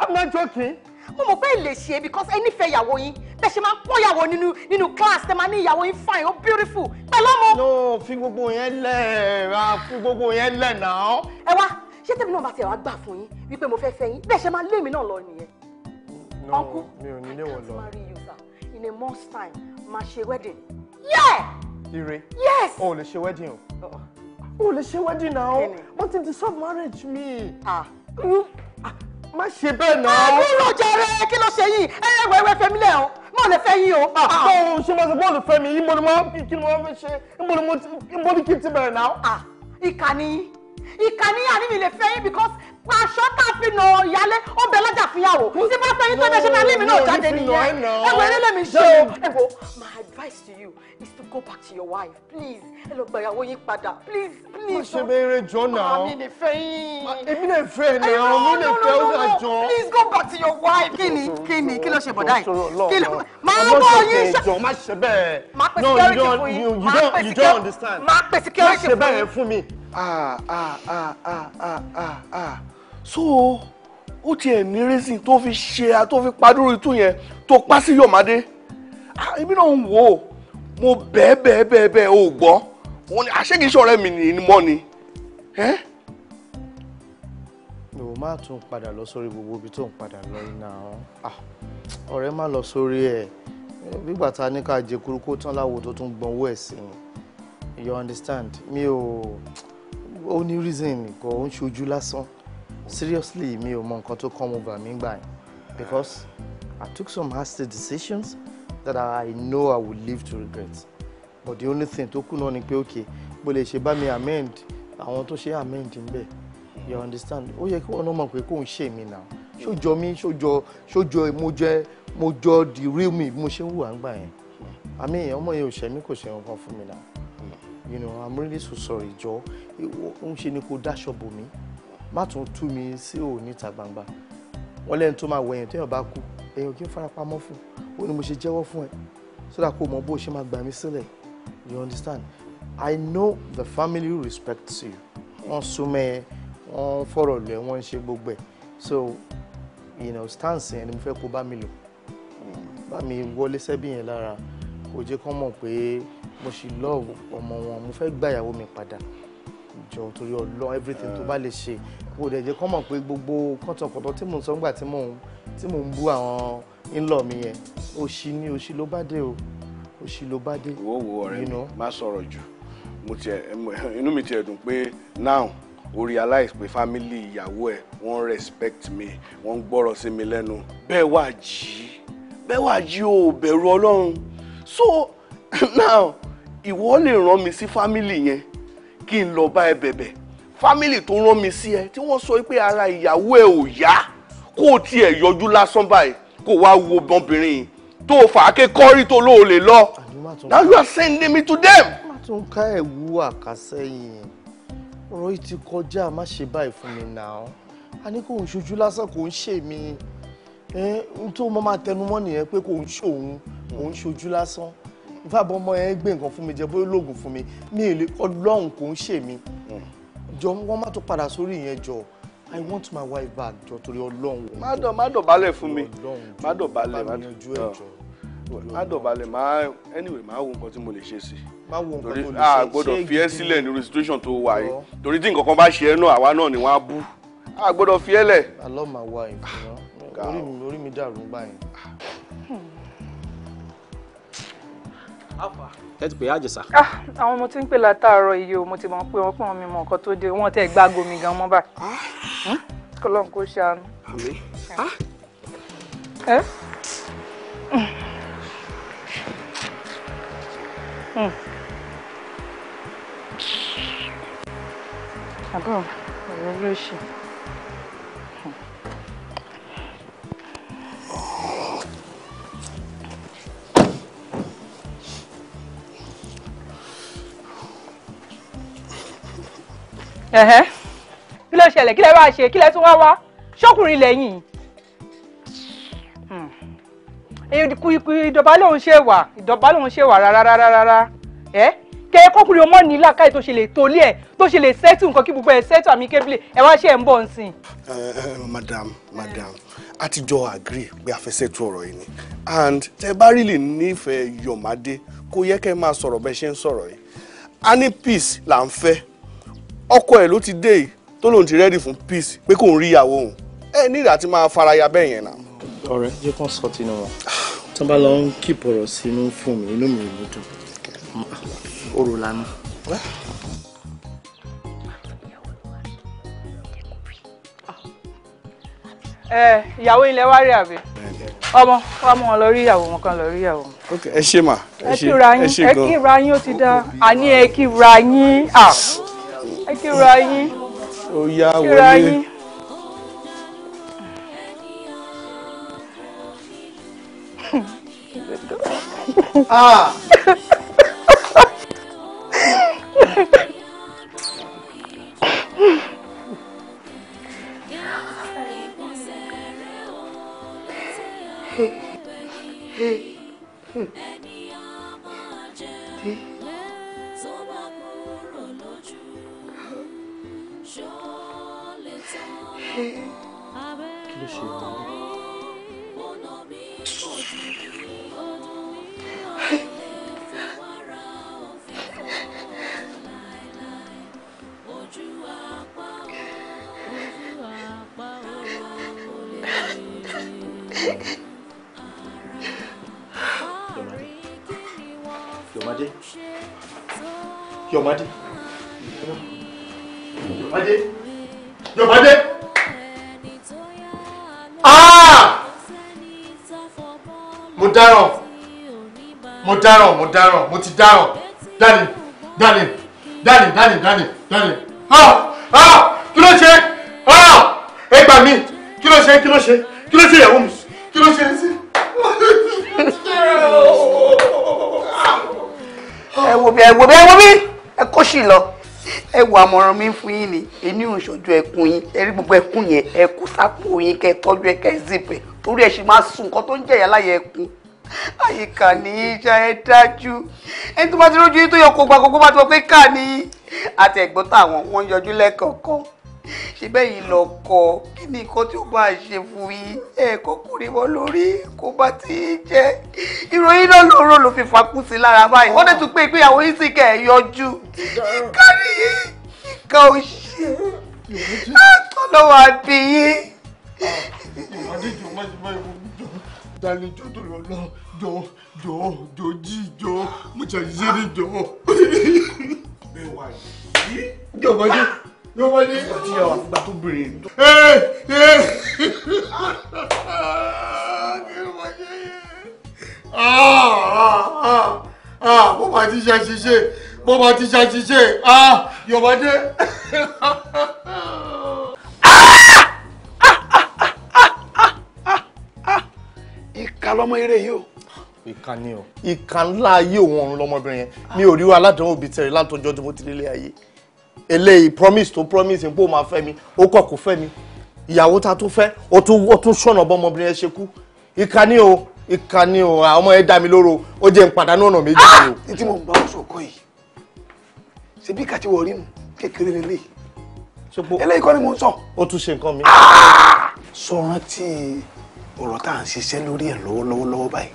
I'm not joking. Mo mọ̀ pé lè ṣe because ẹni fẹ́ ìyàwó yín. Bẹ́ẹ̀ ṣe máa ń pọ́n ìyàwó nínú nínú class tẹ́ máa ní ìyàwó yín fine ó beautiful pẹ̀lú ọmọ. No fi gbogbo yẹn lẹ̀ ra fi gbogbo yẹn lẹ̀ náà. Ẹ wá ṣé tèmi náà bá ti ẹ̀ wá gbà fún yín wípé mo fẹ́ fẹ́ yín bẹ́ẹ̀ ṣe máa lé mi náà lọ nìyẹn uncle mi I can't marry you sir in a month's time my she wedding. yeah. ire. yes. Oh, ò she wedding oh. Oh, ò she wedding now. náà wọ́n ti dissolve marriage me. Ah. Mm. ah. má ṣe bẹ́ẹ̀ náà. ẹ ah, dúró jàre kí ló ṣe yìí ẹ ẹ wẹ́wẹ́ fẹ́mi lẹ́ o mo lè fẹ́ yín o. báwo ah, ṣe máa sọ bọ́ọ̀lù fẹ́ mi ìmọ̀ ni mo kí ni mo fẹ́ ṣe ìmọ̀ ni kí n ti bẹ̀rẹ̀ náà. ìkànnì ìkànnì àní mi lè fẹ́ yín because aṣọ tá fi nà ìyálé ó bẹ lọ́jà fìyàwó tí bá fẹ́ yín tó bẹ ṣe máa lé náà jáde nìyẹn ẹ̀wọ̀n eré lèmi ṣe o. ẹ̀wọ̀ my advice to you is to go back to your wife please ẹ lọ gba ìyàwó yín padà please please. má ṣe béèrè jọ náà àmì lè fẹ́ yín. èmi lè fẹ́ náà mi lè fẹ́ ó dà please go back to your wife. kí ni kí ni kí ló ṣe bọ̀dá yìí kí ló máa bọ̀ yín ṣe. má ṣe bẹ́ẹ̀ no you don't you don't understand. má pè security fún yín. má ṣe bẹ́ẹ̀ fún mi ah ah ah ah ah ah ah so ó tiẹ̀ ní reason tó fi ṣe a tó fi padúró itú yẹn tó pa sí Yọ̀mádé ibi ah, náà ń wò ó mo bẹ́ẹ̀ bẹ́ẹ̀ bẹ́ẹ̀ bẹ́ẹ̀ ò gbọ́ wọn ni àṣegíṣẹ́ ọ̀rẹ́ mi nìyí mọ́ ni. mi ò má tún padà lọ sórí gbogbo ibi tó ń padà lọ iná ah, ọ̀rẹ́ má lọ sórí ẹ̀ eh, bígbà tá a ní ká jẹ kúrúkú tán láwo tó tún gbọ́n owó ẹ̀ sí you understand mi ò. Yo ó ní reason nìkan ó ń ṣojú lásán seriously mi ò mọ nǹkan tó come over mi gbà yẹn because I took some hasty decisions that I know I would live to regret but the only thing tó kù náà ni pé okay mo lè ṣe bá mi amend àwọn tó ṣe amend ń bẹ you understand ó yẹ kí wọn náà mọ̀ pé kò ń ṣe mí náà ṣójọ mi ṣójọ ṣójọ mo jẹ mo jọ the real me bí mo ṣe ń hùwà ń gbà yẹn àmì ọmọ yẹn ò ṣe mí kò ṣe nǹkan fún mi náà you know i'm really so sorry jọ ń ṣe ni kò dáṣọ bò mí má tún tú mi sí òun níta gbangba wọn lẹ́nu tó máa wẹ̀yìn téèyàn bá kú èèyàn kì í fara pamọ́ fún ó ní mo ṣe jẹ́wọ́ fún ẹ sódà kó mọ bó ṣe máa gbà mí sílẹ̀ you understand i know the family respects you wọ́n súnmọ́ ẹ wọ́n fọ̀rọ̀ lọ ẹ wọ́n ń ṣe gbogbo ẹ̀ so you know stance yẹn ni mo fẹ́ kó bá mi lò bá mi wọlé sẹ́bí lára kò jẹ́ kán mọ̀ pé mo ṣì love ọmọ wọn mo fẹ́ gba ìyàwó mi padà jọ torí ọlọ́run everything tó bá lè ṣe kò dẹ̀ jẹ́ kán mọ̀ pé gbogbo kọ́tọ̀kọ́tọ̀ tí mò ń sọ tí mò ń tí mò ń bú àwọn ńlọ mi yẹn òṣì ni òṣì ló bá dé o òṣì ló bá dé. wo wo ọ̀rẹ́ mi má sọ̀rọ̀ jù inú mi tiẹ̀ dùn pé now o realize pé family ìyàwó ẹ wọ́n respect me. wọ́n gbọ́rọ̀ sí mi lẹ́nu bẹ́ẹ̀ wá jí bẹ́ẹ̀ wá jí o bẹ̀rù Ọlọ́run so now ìwọ lè rán mi sí fámìlì yẹn kí n lọ bá ẹ bẹ̀bẹ̀ fámìlì tó rán mi sí ẹ tí wọ́n sọ pé ara ìyàwó ẹ ò yá kó o tiẹ̀ yọjú lásán báyìí kó o wá wo bọ́nbìnrin yìí tó o fà á ké kọ́rí tó lóò lè lọ now you are sending me to them. má tún ká ẹ̀wú àkàsẹ́yìn ọ̀rọ̀ yìí ti kọjá má ṣe báyìí fún mi náà a ní kò ń ṣojú lásán kò ń ṣe mí ẹ tó mọ máa tẹnu mọ́ nìyẹn pé kò ń ṣòun òun ṣojú lásán ìfàbọ̀ ọmọ yẹn gbé nǹkan fún mi jẹ bóyá lóògùn fún mi mi ò lè ọlọ́run kò ń ṣe mí jọ wọ́n má tó padà sórí ìyẹn jọ i want my wife back jọ torí ọlọ́run. má dọ̀ má dọ̀bálẹ̀ fún mi má dọ̀bálẹ̀ má dọ̀bálẹ̀ má dọ̀bálẹ̀ má anyway má wo nǹkan tí mo lè ṣe sí i má wo nǹkan tó lè ṣe é gbọ́dọ̀ fi ẹ́ sílẹ̀ nínú situation tó wà yìí torí tí nǹkan kan bá ṣe ẹ́ náà àwa náà ni wọ́n á bú gbọ́dọ̀ fi ẹ́ lẹ̀. i love my wife ga orí mi orí mi dàrú gbà yẹn. ẹ ti pè é àjẹsà. Ah, àwọn ọmọ tí ń pè látàárọ̀ iye o mo ti mọ̀ pé wọ́n pọ̀ mi mọ̀ nǹkan tó dé wọ́n tẹ̀ gbá gomi gan mọ́ báyìí ah. hmm? kọ́lọ́n kó ṣàánú. àmín. ẹ. Ah. Eh? Hmm. Hmm. àbọ̀ ọ̀rọ̀ ló ṣe. kí ló ṣẹlẹ̀ kí lẹ wá ṣe kí lẹ tún wá wá ṣọ́kùnrin lẹ́yìn hmm. ìdọ̀bá lòun ṣe wà ìdọ̀bá lòun ṣe wà rárárárá ẹ kẹ kọkùnrin ọmọ ní làákàyè tó ṣe lè tolé ẹ tó ṣe lè sẹ́tù nǹkan kí gbogbo ẹ sẹ́tù àmì kébìlì ẹ wá ṣe ń bọ̀ ń sìn. Eh, eh, madam madam. Eh a ti jọ agree pé a fẹ́ ṣètò ọ̀rọ̀ yìí ni and tẹ bá rí lè nífẹ̀ẹ́ Yọ̀mádé kó yẹ kẹ́ máa sọ̀rọ̀ bẹ́ẹ̀ ṣe ń sọ̀rọ̀ yìí a ní peace là ń fẹ́ ọkọ ẹ̀ ló ti dé yìí tó lòun ti rẹ́dì fún peace pé kò ń rí ìyàwó òun ẹ ní ìdá tí máa faraya bẹ́ẹ̀ yẹn náà. ọ̀rẹ́ jẹ́ kó sọ tinú wọn tó bá lọ ń kíp ọ̀rọ̀ sínú fún mi inú mi ò ní dùn òrò lánàá. ẹ ìyàwó ilẹ̀ wá rí àbí ọmọ ọmọ wọn lọ rí ìyàwó wọn kan lọ rí ìyàwó wọn. ok ẹ ṣe mà ẹ ṣe ẹ ṣe gan ẹ kíra yín ó ti dá àní ẹ kíra yín ẹ kíra yín ó yá wọlé. ah. Hey. Eh. dáràn mo dáràn mo ti dáràn dani dani dani dani dani dani ọ ọ kí ló ṣe ọ ẹ gbà mí kí ló ṣe kí ló ṣe kí ló ṣe ìyàwó mi kí ló ṣe é sí. ẹ wo bí ẹ wo bí ẹ wo bí ẹ kó sì lọ ẹ wo àmọ̀ràn mi fún yín ni èmi ò ṣojú ẹkún yín ẹ rí gbogbo ẹkún yẹn ẹ kó sápò yín kẹ tọ́jú ẹ kẹ zip ẹ torí ẹ ṣì máa sun nǹkan tó ń jẹ̀yà láyé ẹkún àyíká ní ìjà ẹ dájú ẹni tó bá ti rójú yín tó yọ kó gba kókó bá ti wọ pé ká ní àti ẹ̀gbọ́n táwọn wọ́n yọjú lẹ́kọ̀ọ̀kan ṣe bẹ́ẹ̀ yìí lọ kọ kí ni nǹkan tí ó bá ṣe fún yín ẹ kọkùnrin wọn lórí kó bá ti jẹ ìròyìn náà lóró ló fi fakú sí lára báyìí wọ́n dẹ̀ tún pé ìgbéyàwó yìí sì kẹ́ ẹ̀ yọjú kárí ìka òṣì àtọ́lọ́wọ́ àbí yín darling jọ torí ọlọ jọ jọ jọ jí jọ mo ṣe ṣiṣẹ́ ní jọ. bẹ́ẹ̀ wá yìí. jọba ní jọba ní. ìgbà tí yàrá ìgbà tó bèrè. ee ee. kí ló máa ṣe yẹ. ah ah ah bó ma ti ṣe àṣìṣe bó ma ti ṣe àṣìṣe ah yọba dé. ìka lọmọ eré yìí o. ìka ni o ìka ńlá ayé òun ọ̀run lọmọbìnrin yẹn mi ò rí wa aládùn òbí tẹ̀rẹ̀ látọjọ́ tí mo ti délé ayé eléyìí promise tó promise pé ó máa fẹ́ mi ó kọ̀ kó fẹ́ mi ìyàwó ta tó fẹ́ ó tún ṣọ̀nà bọ́mọbìnrin yẹn ṣe kú ìka ni o ìka ni o ah, ọmọ ẹ dá mi lóró ó jẹ́ n pàdánù ọ̀nà méjì ni ah! o. títí mo ń bá ọsọ kọ yìí ṣebí ìka ti wọ rí mu kékeré lélẹ̀ eléyìí kọ́ ni mo ń sọ. ó tún ṣe nǹkan mi. Ah! sọ ọ̀rọ̀ tá à ń ṣiṣẹ́ lórí ẹ̀ lọ́wọ́lọ́wọ́ lọ́wọ́ báyìí.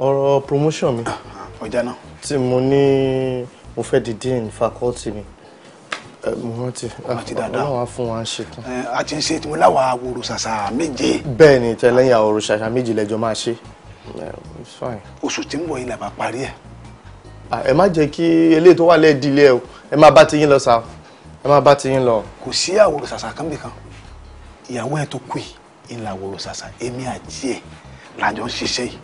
ọ̀rọ̀ promotion mi. ọjà náà. tí mo ní mo fẹ́ di dean faculty mi mo rántí ọlọ́run á fún wa ṣe tán. a ti ń ṣe tí mo láwa aworo ṣàṣà méje. bẹ́ẹ̀ ni tẹ́lẹ̀yìn aworo ṣàṣà méje lẹ́jọ́ máa ṣe. oṣù tí ń bọ̀ yìí làbá parí ẹ̀. ẹ má jẹ́ kí eléyìí tó wà lẹ́ẹ̀dí ilé ẹ o ẹ má bá ti yín lọ sa ẹ má bá ti yín lọ. kò sí aworo ṣàṣà kan bìkan ìyàwó ẹ̀ tó kù yìí ńlá wòrò sàṣà èmi àti ẹ̀ làjọ ń ṣiṣẹ́ yìí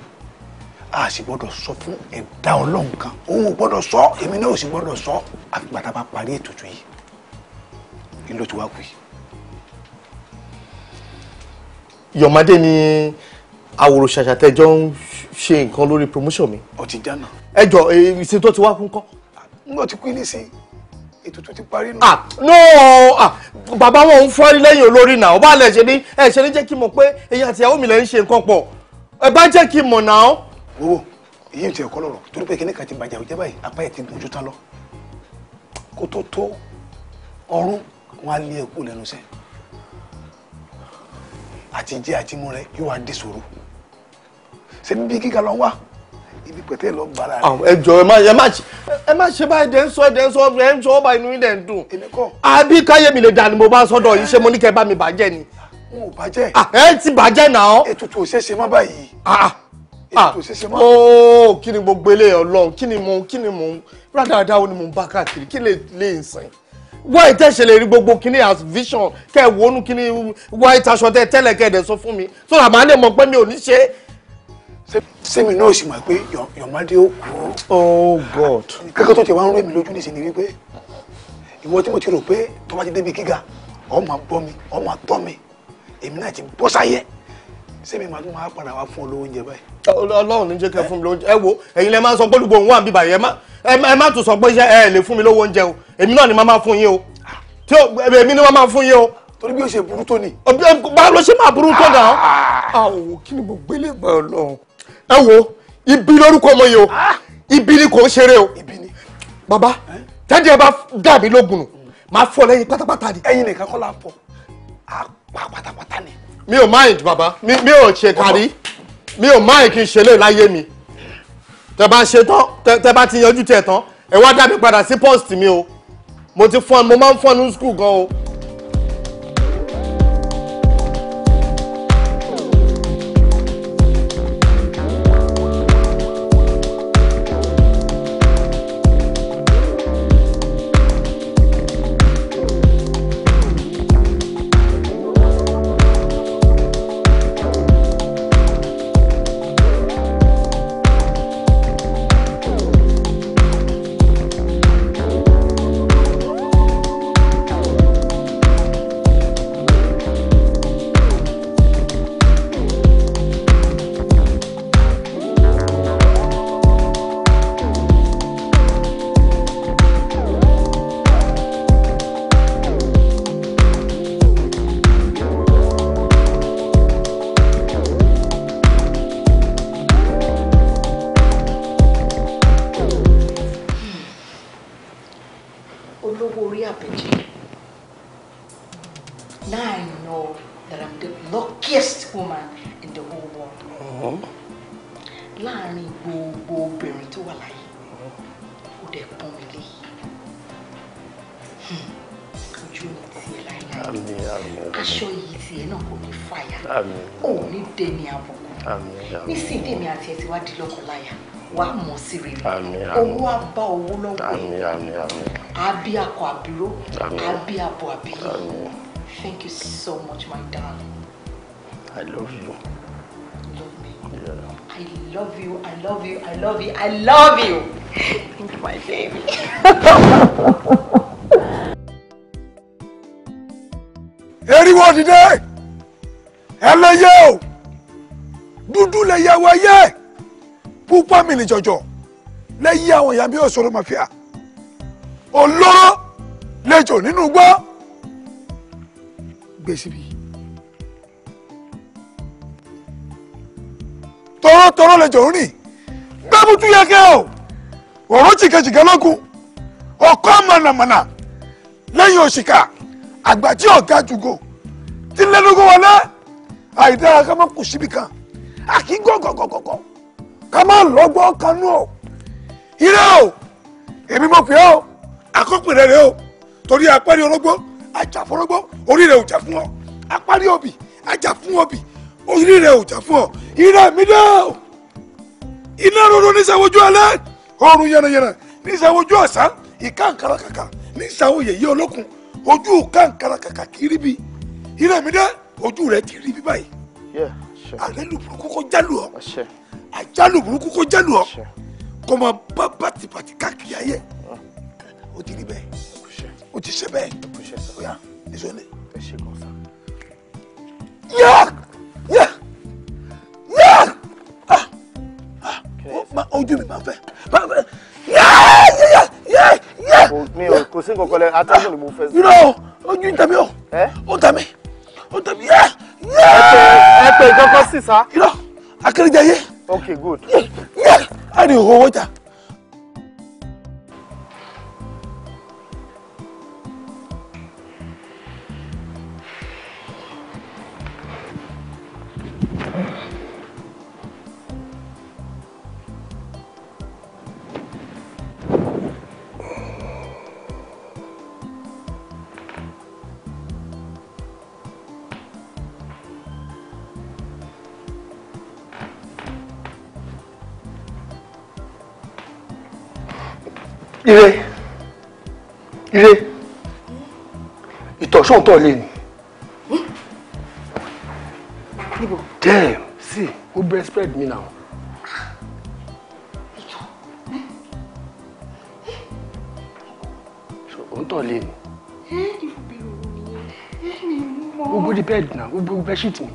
a sì gbọ́dọ̀ sọ fún ẹ̀dá ọlọ́run kan òun ò gbọ́dọ̀ sọ èmi náà ò sì gbọ́dọ̀ sọ àfìgbà a bá parí ètùtù yìí kí ló ti wá kù yìí. Yọ̀mádé ni àwòrò ṣàṣà tẹjọ ń ṣe nǹkan lórí promotion mi. ọtí jana. ẹ jọ èsì tó ti wá kún kọ. n ò ti kú ní sìn ètùtù ti parí nù. Ah, no ah, bàbá wọn ń fọ́rí lẹ́yìn olórí náà ọba àlẹ́ ṣe ní ẹ ṣe ní jẹ́ kí n mọ̀ pé èyí àti ìyàwó mi lẹ́ ń ṣe nǹkan pọ̀ ẹ bá jẹ́ kí n mọ̀ náà. owó èyí ń tẹ ọkọ lọ́rọ̀ torí pé kíní kan ti bàjẹ́ òjẹ́ báyìí apá ẹ̀ ti dùn ju tán lọ kó tó tó ọrún wọn á lé ẹkú lẹ́nu sẹ àti jẹ àti mú rẹ yóò wá dé sòrò ṣe bí kíkà lọ wá ibi pẹ̀tẹ́ lọ gbára rẹ̀. ẹ jọ ẹ má ẹ má ẹ má ṣe báyìí dẹ́n sọ dẹ́n sọ ẹ ń sọ ọba inú yín dẹ̀ ń dùn. èmi kọ́. àbí káyémi lè dà ni mo bá sọ́dọ̀ yìí ṣé mo ní kẹ́ bá mi bàjẹ́ ni. n ò bàjẹ́. Ah, ẹ ti bàjẹ́ náà. ètùtù ò ṣeéṣe mọ́ báyìí. Ah, ah, ètùtù ò ṣeéṣe mọ́. ooo kí ni gbogbo eléyìí Ọlọ́run kí ni mo kí ni mo rádaràdà wo ni mo ń bá káàkiri kí lè lè sìn wọ́n ìtẹ̀sẹ̀ lè rí gbogbo kíní as vision kẹ́ ẹ̀ wọnú kíní wọ́n ìtaṣọ tẹ́ tẹ́lẹ̀ kẹ́ ẹ̀ dẹ̀ sọ fún mi so àmà lè mọ̀ pé mi ò ní ṣe sẹ́mi náà sì mọ̀ pé yọ̀mádé ó kú. oh god. kẹ́kọ̀ọ́ tó ti wá ń rẹ́ mi lójú nísìnyí wípé ìwọ tí mo ti rò pé tó bá ti débi gíga ọmọ àbọ̀ mi ọmọ àtọ́ mi èmi náà ti bọ́ sáyé sẹ́mi màá tún máa padà wá fún ọ lówó oúnjẹ báyìí. ọlọ́run ní jẹ́ kẹ́ fún mi lówó oúnjẹ wo ẹ̀yin lẹ máa ń sọ pé olùgbò òun wà ń bíbà yẹn ẹ má tún sọ pé iṣẹ́ ẹ mi lówó oúnjẹ o èmi náà ni màá máa fún yín o tí èmi ni màá máa fún yín o. torí bí o ṣe burú tó ni. báwo ló ṣe máa burú tó náà. Ah. àwọn kí ni mo gbélé bá ọ lọ́hùn ẹ wo ibi lórúkọ ọmọ yìí o ibi ni kò ń ṣeré o bàbá jáde ẹ bá dàbí lógun nù máa fọ lẹ́yìn pátápátá ni. ẹ̀yin nìkan kọ́ la fọ àpá pátápátá ni. mi ò mind baba mi ò ṣe kárí mi ò mind kí n ṣe lè láyé mi tẹ bá ṣe tán tẹ bá ti yanjú tẹ tán ẹ wá dàbí padà sí post mi o mo ti fọn mo máa ń fọn ní school gan o. owó á bá owó lọ́wọ́ àbí akọ àbíró àbí abo àbíyí thank you so much my darling. I love you. Love me. Yeah. I love you. I love you. I love you. I love you. Thank you, my baby. Anyone today? dìde! Ẹlẹ́yẹ o! Dúdú lẹ̀yẹ wẹ̀yẹ! Pupa mi ni jojo lẹ́yìn àwọn èèyàn bí òṣòro màfíà olóró lejò nínú gbọ́ gbé síbi. tọ́rọ́tọ́rọ́ lejò ń rìn gbẹ́bùtú yẹ kẹ́ o ọ̀rọ̀ jìgẹ̀jìgẹ̀ lọ́kùn ọkọ̀ mọ̀nàmọ̀nà lẹ́yìn òṣìkà àgbà tí ọ̀gá jùgò tí lẹ́nugun wọlé àìdára ká má kù síbi kan àkíngọ̀gọ̀gọ̀gọ̀ ká má lọ́gbọ́ kanú o ire o èmi mo pè ọ́ akọ́pẹ̀rẹ̀ rẹ o torí apárí orógbó ajàfọ́rógbó orí rẹ ò jà fún ọ apárí obì ajàfún obì orí rẹ ò jà fún ọ ire mi dé o iná roro nísàwójú alẹ́ oorun yànnàyànnà nísàwójú ọ̀sán ìka nkàrà kàkà nísàwó yèyé olókun ojú ìka nkàrà kàkà kiri bi ire mi dé ojú rẹ ti rí bí báyìí àlẹ́ lù burúkú kó jálù ọ àjálù burúkú kó jálù ọ kó máa bá bàtìbàtì káàkiri ayé O ah. ti rí bẹ́ẹ̀ ó ti ṣe bẹ́ẹ̀ ó yá èso ni. ẹ ṣe gan sa. yá yá yá ah! Ah! ojú mi máa fẹ́ máa fẹ́ yá yá yá yá. mi ò kò sí nǹkan kan lẹ atẹ́gùn ni mo fẹ́. irọ́ ojú ń tẹ̀mí o ó tẹ̀mí ó tẹ̀mí yá yá. ẹ pè é sí sa. irọ́ akérèjẹ yé. ok good. Yeah a ní owó jà ire ire ìtọ̀sán tọ̀ lé ni. níbo. damn see who spread me now. òun tọ̀ lé ni. gbogbo the bed na gbogbo bed sheet mi.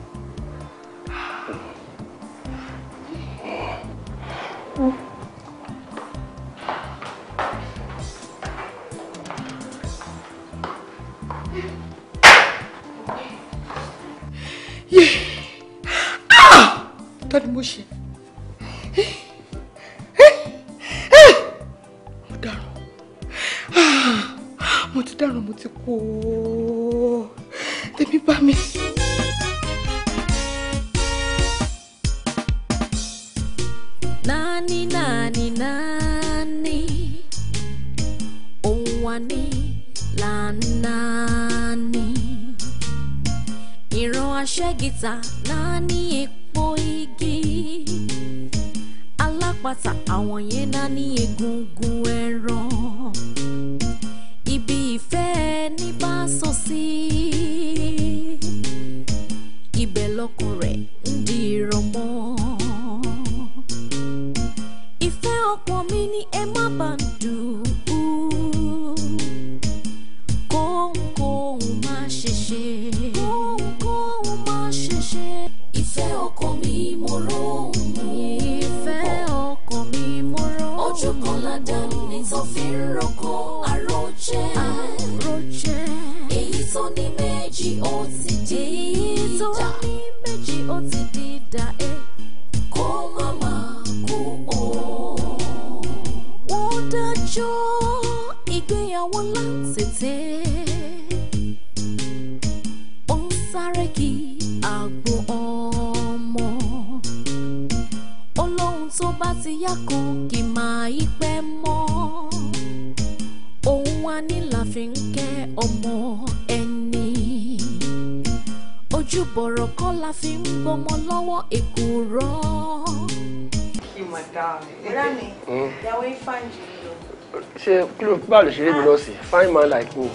ṣe kí ló bá lè ṣeré mi lọ sí fine man like me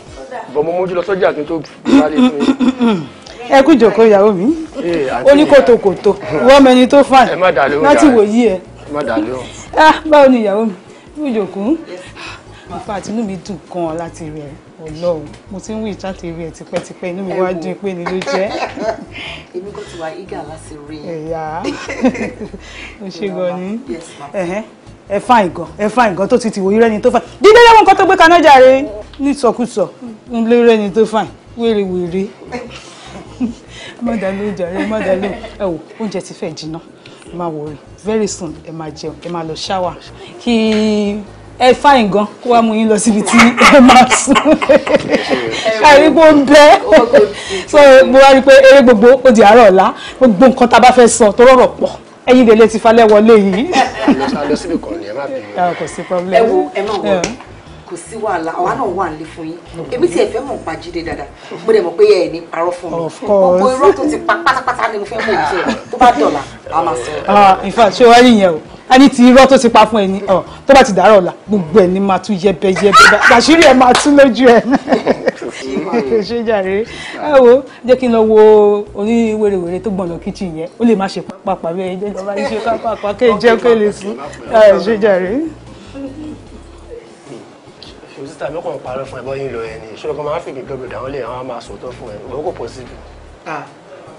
bọ̀ mo mójú lọ sọ́jà kí n tó gbálẹ̀ fún mi. ẹ kú ìjòkó ìyàwó mi ó eh, ní kòtòkòtò wọ́n mẹni tó fà láti wòye ẹ. Ah, báwo ni ìyàwó mi kú ìjòkó ìfà àtinú mi dùn gan láti rí ẹ ọlọ́run mo ti ń wí ìjáde rí ẹ tipẹ́tipẹ́ inú mi wá dùn pé ni ló jẹ́. èmi kò ti wá eager láti rí ẹ. ẹ̀yà ó ṣe gan ni ẹ fáìn gan ẹ fáìn gan tó ti tìwò irẹ́ ni tó fáìn dídé lẹ́wọ̀n nǹkan tó gbé kaná jàre ní ìsọkúsọ ń lé irẹ́ ni tó fáìn wèrèwèrè má dá ló jàre má dá ló ẹ wò oúnjẹ ti fẹ́ jiná ẹ má wọrí very soon ẹ má jẹun ẹ má lọ ṣáwà kí ẹ fáìn gan kó wá mú yín lọ síbi tí ẹ máa sùn káyọ̀ pé ó ń bẹ́ so mo wá rí i pé eré gbogbo ó di àárọ̀ ọ̀la gbogbo nǹkan tá a bá fẹ́ sọ tó rọ̀rọ̀ pọ̀ ẹ̀yin lè lè ti falẹ̀ wọlé yìí lọ síbi kan ni ẹ má bínú. ẹ ah, kò sí problem. ẹ wo ẹ má wọ kò sí wàhálà àwa náà wà nílé fún yín èmi tí ẹ fẹ́ mọ̀ pa jíde dáadáa mo dẹ̀ mọ̀ pé ẹ ní parọ́ fún mi gbogbo irọ́ tó ti pa pátápátá ni mo fẹ́ mọ̀ ní tiẹ̀ tó bá dọ̀la a máa sọ. Ah, in fact ṣé wàá yìnyẹn o ẹni tí irọ́ tó ti pa fún ẹni tó bá ti dàárọ̀ ọ̀la gbogbo ẹni máa tún yẹbẹ yẹbẹ àṣírí ẹ máa tún lójú ẹ ṣé jàre ẹ wo jẹ́ kí n lọ wo oníwèrèwèrè tó gbọ̀n lọ kíchìn yẹn ó lè má ṣe pápá bẹ́ẹ̀ jẹ́ ìjọba ṣe pápá kéèjé kéèlè sùn ṣé jàre sísítà mi kàn parọ́ fún ẹ bọ́ yín lọ ẹni ìṣòro kan máa ń fi gbẹgbẹ dáwọn lè àwọn máa sòótọ́ fún ẹ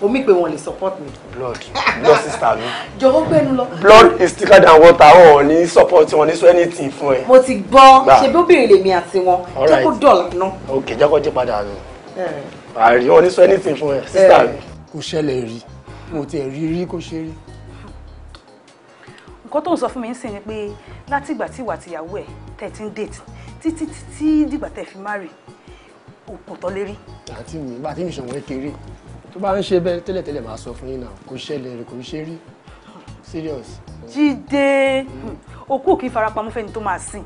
omi pé wọn lè support me. blood blood sister mi. jọ̀wọ́ gbẹ́nu lọ. blood is thicker than water wọn ò support wọn ní sọ anything fún ẹ. mo ti gbọ́ ṣebí obìnrin lèmi àti wọn jẹ́ kó dọ̀là náà. ok jẹ́ kó jí padà nù. àrí wọn ní sọ anything fún ẹ sister mi. kò ṣẹlẹ̀ rí mo tiẹ̀ rí rí kó ṣe rí. nǹkan tó ń sọ fún mi ń sìn ni pé látìgbà tí ìwà àtìyàwó ẹ̀ tẹ̀ ti ń date títí títí dìgbà tẹ̀ fi marry òpòtọ́ lérí. àti mi bá a ti mi ṣọ̀wọ́n kékeré tó bá ń ṣe bẹ́ẹ̀ tẹ́lẹ̀tẹ́lẹ̀ máa sọ fún yín kò ṣẹlẹ̀ rẹ̀ kò ṣe rí serious. jíde òkú kì í fẹ́ni tó máa sìn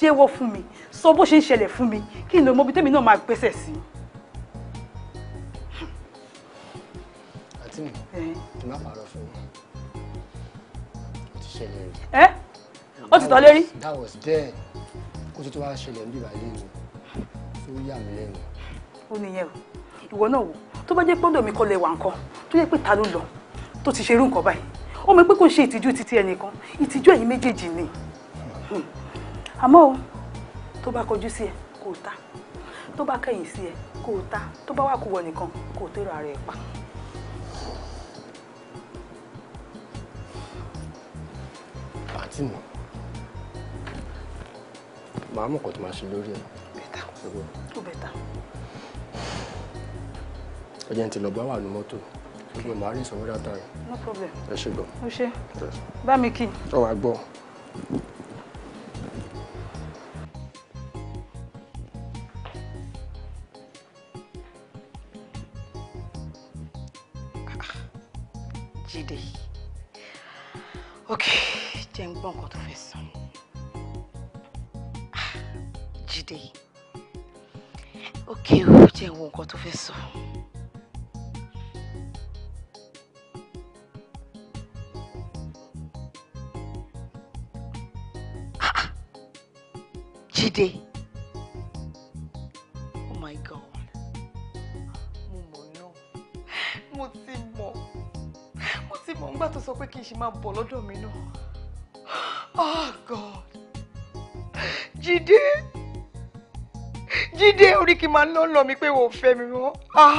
jẹ́wọ́ fún mi sọ bó ṣe ń ṣẹlẹ̀ fún mi kí n lè mọ ibi tẹ́mi náà máa gbéṣẹ̀ sí. àti mi má parọ́ fún mi ó ti ṣẹlẹ̀ rí. ẹ ó ti tán lérí. that was then kó tó tó wá ṣẹlẹ̀ ń bíbá mi tó yà mí lẹ́nu. ó nìyẹn o ìwọ náà wò tó bá jẹ́ pé ọ̀dọ̀ mi kọ́ lẹ wà nǹkan tó jẹ́ pé ta ló lọ tó ti ṣe irú nǹkan báyìí ó mọ̀ pé kò ṣe ìtìjú títí ẹnìkan ìtìjú ẹ̀yin méjèèjì ni hmm. àmọ́ o tó bá kọjú sí ẹ kò ta tó bá kẹ̀yìn sí ẹ kò ta tó bá wà kú wọ nìkan kò tẹ̀rọ ara ẹ pa. àǹtí mi màá mọ̀ kó tó máa ṣe lórí ẹ̀. bẹ́tà ó bẹ́tà ẹ jẹ́ n ti lọ bá wà ní mọ́tò gbogbo màá rí ìsanwó dáadáa rẹ̀. no problem. ẹ ṣe gbọ́. o ṣe bá mi kí. ọ wá gbọ́. tó fẹ́ sọ. máa bọ̀ lọ́dọ̀ mi náà oh god Jide. Jide, orí kí n máa lọ́ lọ mi pé wò ó fẹ́ mi mọ́ ah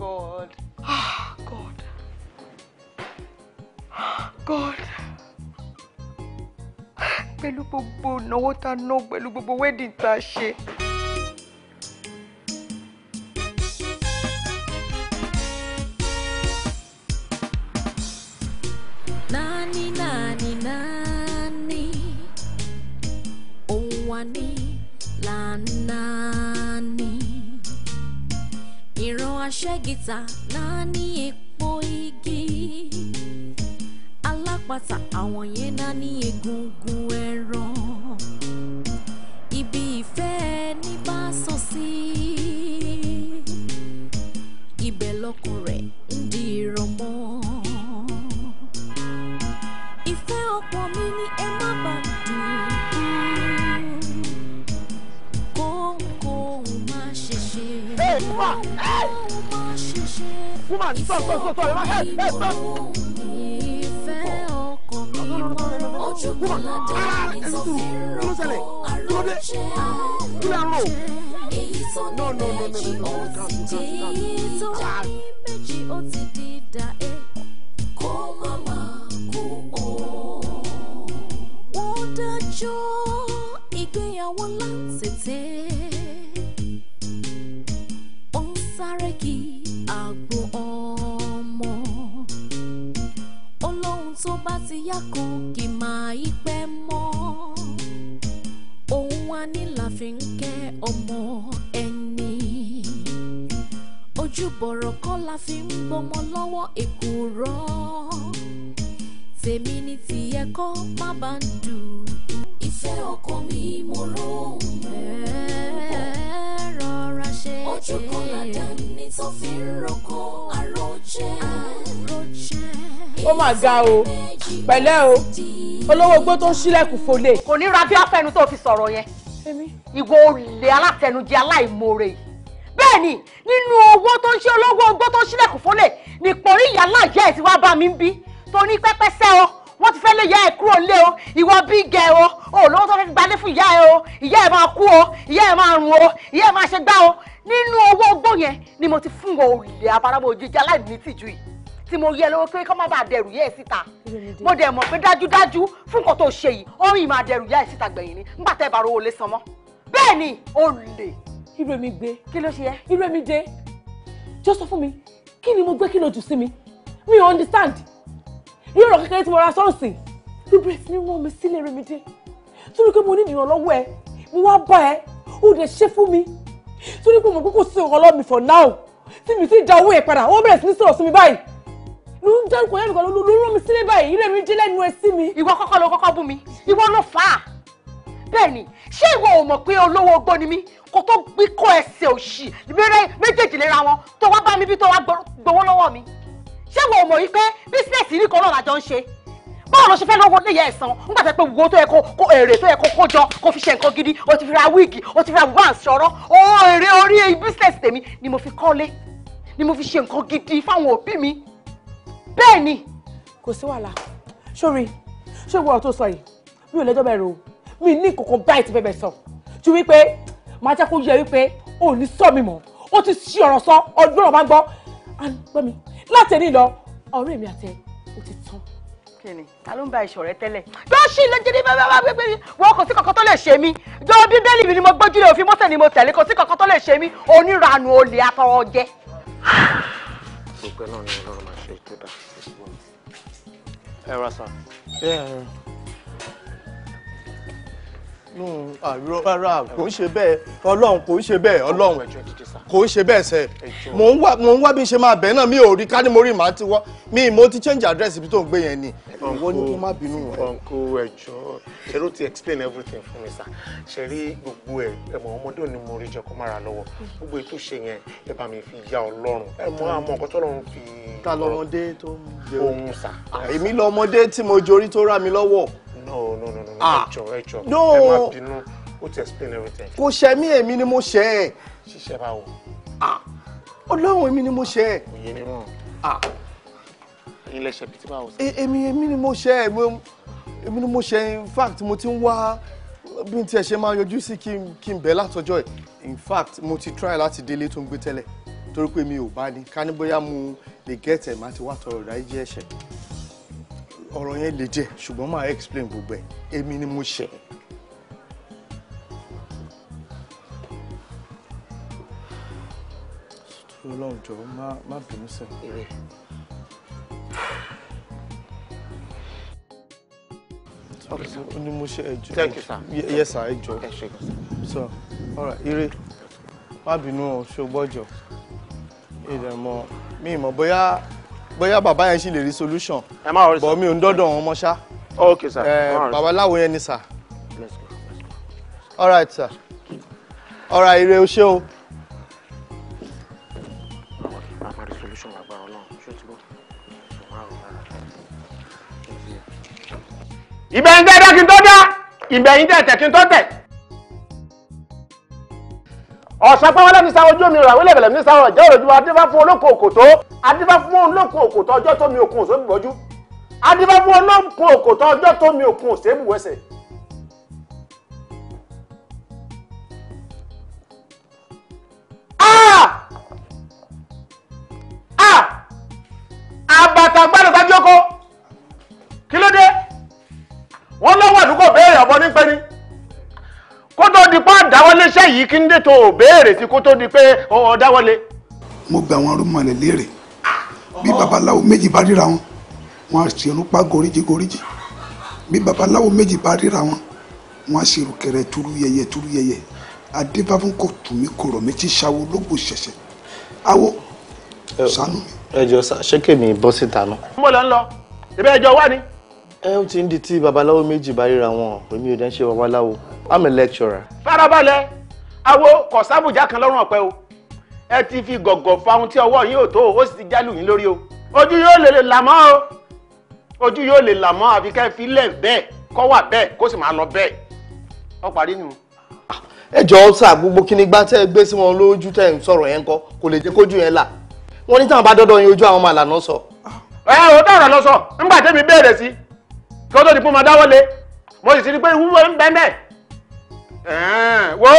god ah god god pẹ̀lú gbogbo ìnáwó tá a ná pẹ̀lú gbogbo wedding tá a ṣe. 咋？ẹni tó fi ń roko àròjẹ. ó mà ga o pẹ̀lẹ́ o olówó gbó tó ń ṣílẹ̀kùn fọlé. kò ní ra bí apẹnu tó fi sọ̀rọ̀ yẹn ìwọ olè alátẹnujẹ aláìmoore yìí bẹ́ẹ̀ ni nínú owó tó ń ṣe olówó ogbó tó ń ṣílẹ̀kùn fọlé nìpọ̀rí ìyá aláìjẹ́ ẹ̀ tí wàá bá mi ń bí tó ní pẹ́pẹ́sẹ́ o wọ́n ti fẹ́ lè yá ẹ̀ kúrò lé o ìwọ bí gẹ̀ o o ò lówó tó fi gbalé fún ìyá ẹ o ìyá ẹ máa kú o ìyá ẹ máa rùn o ìyá ẹ máa ṣe gbá o nínú owó ogbó yẹn ni mo ti fún wọn òrìlẹ̀ abárábọ̀ òjijì aláìní tìjú yìí tí mo rí ẹ lọ́wọ́ pé kọ́ má bàa dẹrù yẹ́ ẹ síta mo dẹ̀ mọ̀ pé dájúdájú fún nǹkan tó ṣe yìí orin ìmọ̀ àdẹrù yẹ́ ẹ síta gbẹ̀yìn ni nígbà tẹ́ ẹ bá rówó lé san mọ́ bẹ́ẹ̀ ni olè. irú èmi gbé kí ló ṣe ẹ. irú èmi dé jọ sọ fún mi kí ni mo gbé kí ló jù sí mi mi ò understand irú ọ̀rọ̀ kékeré tí mo ra sọ́ọ̀sì bí bẹ́ẹ̀ sí ni wọ́n mi sílẹ̀ rẹ̀ mi dé torí pé mo ní ìrànlọ́wọ́ ẹ mo wá bá ẹ ó dẹ̀ ṣe fún mi torí pé mo kókó sí ọlọ́ mi for now tí mi sì da owó yẹn padà ó bẹ̀rẹ̀ sí ní sọ̀rọ̀ sí mi báyìí ló ń dárúkọ yẹn nìkan ló rán mi sílé báyìí ilé mi jẹ́ lẹ́nu ẹ sí mi. ìwọ kọ́kọ́ ló kọ́kọ́ bú mi ìwọ ló fà á bẹ́ẹ̀ ni ṣé ìwọ ò mọ̀ pé olówó ogbó ni mí kó tó gbí kó ẹsẹ̀ òṣì méjèèjì lera wọn tó wá bá mi bí tó wá gbowó lọ́wọ́ mi ṣé ìwọ ò mọ̀ yí pé bísíǹsì nìkan náà làjọ ń ṣe báwo ló ṣe fẹ́ lọ́wọ́ léyà ẹ̀sán nígbà tó yẹ pé gbogbo tó yẹ kó èrè tó yẹ kó kó jọ kó fi ṣe nǹkan gidi o ti fi ra wíìgì o ti fi ra vans ṣọ̀rọ̀ o èrè orí business tèmi ni mo fi kọ́lé ni mo fi ṣe nǹkan gidi fáwọn òbí mi bẹ́ẹ̀ ni. kò sí wàhálà sórí ṣé ìwọ tó sọ yìí mi ò lẹ́jọ́ bẹ̀rẹ̀ o mi ní kòkó báyìí ti bẹ̀bẹ̀ sọ ju wípé màá jẹ́ kó yẹ wípé ò ní sọ mi mọ́ o ti ṣí ọ̀rọ̀ sọ ọdún ọ̀rọ̀ máa ń gbọ́ láti ẹni kí ni ta ló ń ba ìṣọ̀rẹ́ tẹ́lẹ̀. yóò ṣì lè jẹ́ni bẹ́ẹ̀ bá gbégbé mi wọ́n kò sí kankan tó lè ṣe mí jọ bíbélì mi ni mo gbójúlé òfin mọ́sẹ̀ ni mo tẹ̀lé kò sí kankan tó lè ṣe mí oníranù olè atọrọ jẹ. ẹ rà sàn àrò ah, rárá kò ń ṣe bẹ́ẹ̀ ọlọ́run kò ń ṣe bẹ́ẹ̀ ọlọ́run kò ń ṣe bẹ́ẹ̀ sẹ́ mò ń wá mò ń wá bí n ṣe máa bẹ̀ náà mi ò rí ká ní mo rí màá ti wọ́ mi mo ti change address ibi tó ń gbé yẹn ni. ìwọ ni kí n má bínú rẹ. ọ̀nkò ẹ̀jọ́ ṣe ló ti explain everything fún mi sá ṣe rí gbogbo ẹ̀ ẹ̀mọ̀ ọmọdé ò ní mo rí jẹ kó má ra lọ́wọ́ gbogbo ètò ṣe yẹn ẹ bá mi fi ya ọlọ́run ẹ mọ àmọ́ ọ̀kọ́ tọ́lọ́run fi. ta lọmọdé tó ń jẹun. òun sá. Ah, èmi lọmọdé tí mo jorí tó rá mi lọ́wọ́ no no no no ah. ẹ jọ ẹ jọ ẹ má bínú ó ti explain everything. kò ṣe mí èmi ni mo ṣe ẹ. ṣiṣẹ́ báwo. Ah. no, èmi ni mo ṣe ẹ. òye ni wọn. ẹ̀yin lẹsẹ bíi tí báwo. E, èmi èmi ni mo ṣe in fact mo ti ń wá bí n tiẹ̀ ṣe máa yọjú sí kí n bẹ̀ látọjọ́ ẹ̀ in fact mo ti try láti délé tó ń gbé tẹ́lẹ̀ torí pé mi ò bá ní ká ní bóyá mo lè gẹ́tẹ̀ máa ti wá tọrọ ìdájí ẹ̀ṣẹ̀ ọ̀rọ̀ yẹn lè jẹ́ ṣùgbọ́n máa explain gbogbo ẹ̀ èmi ni mo ṣẹ̀. ọlọ́run jọ̀wọ́ má bínú sẹ́. ni mo ṣe ẹjọ thank you sir yes sir ẹjọ so all right ire má bínú ṣùgbọ́n jọ ìdààmú mi ìmọ̀ bóyá bóyá bàbá yẹn ṣì lè rí solution ẹ má wọlé sir bọ̀ mi ò ń dọ́dọ̀ wọn mọ́ ṣá ok sir eh, ẹ bàbá láwo yẹn ni sir let's go let's go all right sir all right ire o ṣé o. ìbẹ̀yìn tẹ́ dá kí n tó dá ìbẹ̀yìn tẹ́ tẹ̀ kí n tó tẹ̀ ọ̀sánpá wọlé ní sáwọn ojú omi rà wílẹ̀ bẹ̀lẹ̀ ní sáwọn ọ̀jẹ́ òròjú adífá fún olóko òkòtó adífá fún olóko òkòtó ọjọ́ tómi òkun òsè bùbọ́jú adífá fún olóko òkòtó ọjọ́ tómi òkun eléyìí kí n dé tó béèrè sí kó tó di pé o dáwọ́lé. mo gba àwọn arúmọlẹ̀ léèrè bí babaláwo méjì bá ríra wọn wọn á ṣe irun pa goríjì bí babaláwo méjì bá ríra wọn wọn á ṣe ìrùkẹ̀rẹ̀ túrú yẹyẹ túrú yẹyẹ adébáfún kò tù mí kò rọ̀ mí tí ṣàwo lóògùn ṣẹ̀ṣẹ̀ awo sànú mi. ẹ jọ ṣé kèmí bọ́ síta náà. mo lọ ń lọ ìbẹ́ ẹjọ́ wà ní ẹ ó ti ń di tí babaláwo méjì bá ríra wọn èmi ò dẹ́ ṣe babaláwo i'm a lecturer. farabalẹ̀ awo kò sábùjá kan lọ́rùn ọ̀pẹ o ẹ ti fi gọ̀gọ̀ fa ohun tí ọwọ́ yín ò tó o sì ti jálù yín lórí o ojú yóò lè là mọ́ o ojú yóò lè là mọ́ àfi kẹ́ fi lẹ̀ bẹ́ẹ̀ kọ́ wà bẹ́ẹ̀ kó sì máa lọ bẹ́ẹ̀ ọ parí nù. ẹ jọ̀ọ́ sà gbogbo kíni gbá tẹ́ ẹ gbé sí wọn lójú tẹ́ ẹ ń sọ̀rọ̀ yẹn kọ́ kò lè jẹ́ kójú yẹn là wọ́n ní táwọn bá dọ́dọ̀ yín ojú àwọn máa lànà sọ. ẹ ò dọ̀rọ̀ lọ sọ nígbà tẹ́mi bẹ̀rẹ̀ sí kí ó tó di fún ọmọ dáwọ́lé mo sì ti rí pé ìwúwo ń bẹ́ẹ̀ bẹ́ẹ̀ wo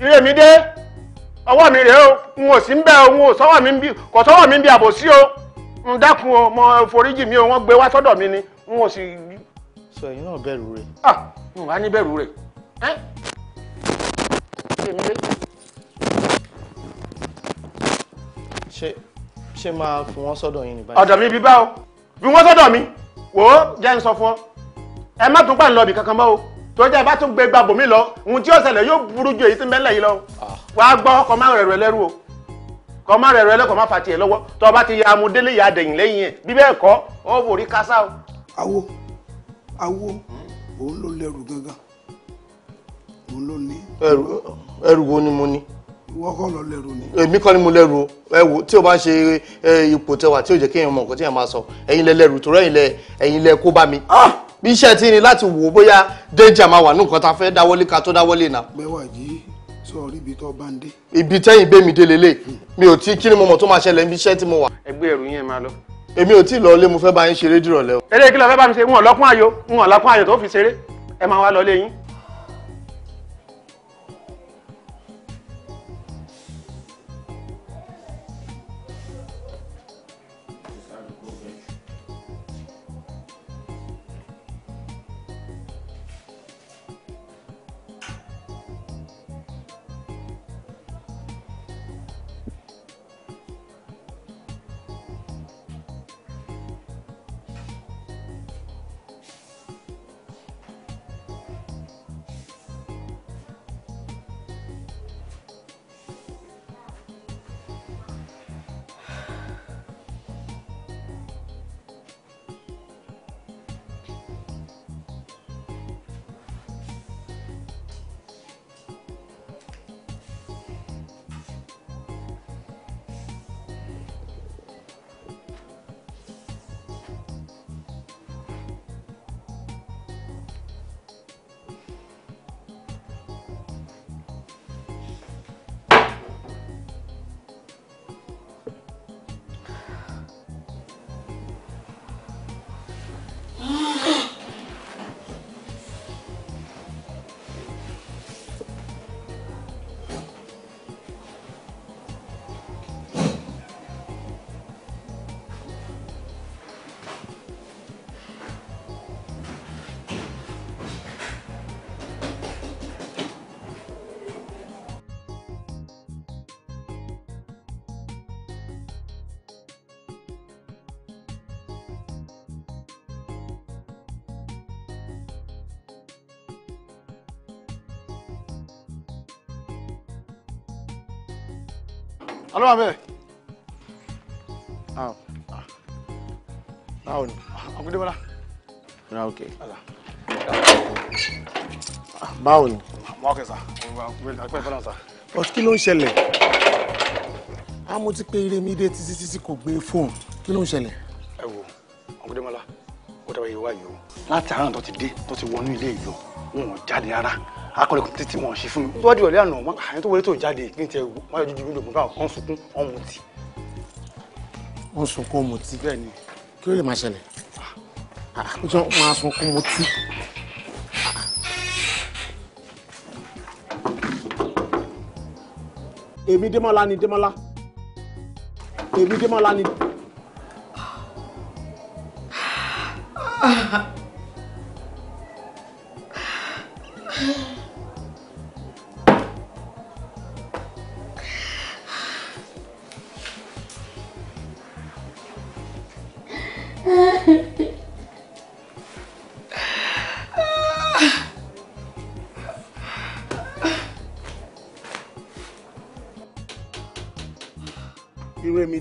ire mi dé ọwọ́ mi rèé o n ò sí ń bẹ́ o n ò sọ́wọ́ mi ń bí kò sọ́wọ́ mi ń bí àbòsí o n dákun o mo foríjì mi o wọ́n gbé wá sọ́dọ̀ mi ni n ò sì. sọ èyí náà bẹ̀rù rẹ̀. ah n wá ní bẹ̀rù rẹ̀ ẹ́ èmi dé. ṣé ṣé máa fi wọ́n sọ́dọ̀ yín ní báyìí. ọ̀dọ̀ mi bí bá o bí wọ́n sọ́dọ̀ mi wò ó jẹ́ n sọ fún ọ ẹ má tún pàǹlọ́ọ̀bì kankan mọ́ o tọ́jà bá tún gbé gbàbọ̀ mi lọ ohun tí ó ṣẹlẹ̀ yóò burú ju èyí tí mẹ́lẹ̀ yìí lọ ah. wà á gbọ́ kọ́ má rẹ̀rẹ̀ lẹ́rù o kọ́ má rẹ̀rẹ̀ lẹ́kọ̀ọ́ má fàtì ẹ̀ lọ́wọ́ tọ́ ọ bá ti ya amúdélé ya dẹ̀yìn lẹ́yìn ẹ̀ bí bẹ́ẹ̀ kọ́ ó wò rí kásá o. awo awo òun ló lẹ́rù gangan òun ló ní. ẹrù ẹrù wo ni mo ní. ìwọ kọ́ ló lẹ́rù ni. èmi kọ́ ni mo lẹ́rù o ẹ wo tí o bá ń ṣe ipò tẹwà tí o jẹ́ kéèyàn mọ̀ nǹkan tí èèyàn máa sọ ẹ̀yin lẹ lẹ́rù torí ẹ̀yin lẹ ẹ̀yin lẹ kó bá mi. ah bí iṣẹ́ ti ní láti wò ó bóyá danger máa wà ní nǹkan tá fẹ́ dáwọ́lé ká tó dáwọ́lé náà. mẹ́wàá yìí sọ̀rọ̀ ibi tó bá ń dé. ibi tẹ́yìn gbé dé lélẹ̀ mi ò tí kí ni mo mọ̀ tó máa ṣẹlẹ̀ níbi iṣẹ́ tí mo wà. ẹgbẹ́ ẹ̀rù yẹn máa lọ. èmi ò tí ì lọ ilé mo fẹ́ bá yín ṣeré dìrọ̀lẹ́ o. eré kí ló fẹ́ bá mi ṣe wọn lọ́kùn ayò wọn lọ́kùn ayò tó fi ṣeré ẹ máa wá lọ yín. ọlọ́wà bẹ́ẹ̀ báwo ni ọ̀gbẹ́dẹ́bọ́lá ra òkè báwo ni. mọ́ọ̀kẹ́ sá ọ̀gbẹ́dẹ́ bọ́lá sá. ọtí kí ló ń ṣẹlẹ̀ a ah, mo ti pe iremi dé títí títí kò gbé fóònù kí ló ń ṣẹlẹ̀. ẹ wo ọ̀gbẹ́dẹ́bọ́lá ó dábàá yẹ wá yìí o láti àárọ̀ tó ti dé tó ti wọnú ilé yìí lọ wọn ò jáde rárá akọlẹ̀ kan títí wọn ṣe fún mi tó wá di ìrọ̀lẹ́ àná wọn àyẹ̀tò wọlé tó jáde kí n tẹ wọ́n yọjú ju mi lòmùbá wọn sunkún wọn mu ti. wọn sunkún ọmọ tí bẹ́ẹ̀ ni kí ló lè máa ṣẹlẹ̀ àkójọ wọn á sunkún ọmọ tí. èmi Démọ́lá ni Démọ́lá èmi Démọ́lá ni. Ah, ah,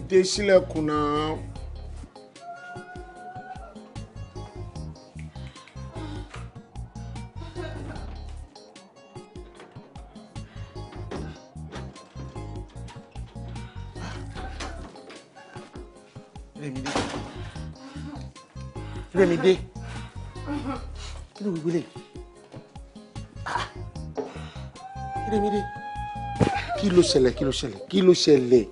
dìde sílẹ̀kùn náà. Rẹ̀mídé kí ló wíwílẹ̀ ah. Rẹ̀mídé kí ló ṣẹlẹ̀ kí ló ṣẹlẹ̀ kí ló ṣẹlẹ̀.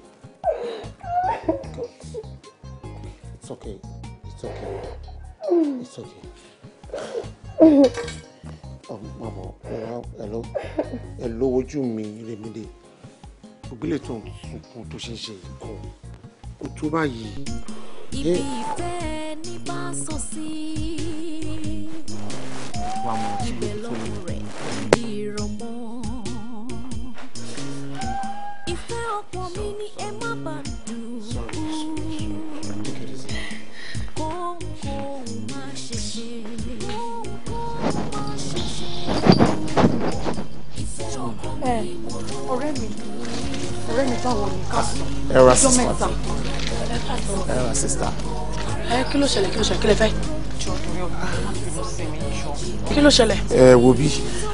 ṣe ṣe nǹkan kò tó báyìí. ibi ìfẹ́ kílẹ̀ fẹ́. kí ló ṣẹlẹ̀. ẹ wo bí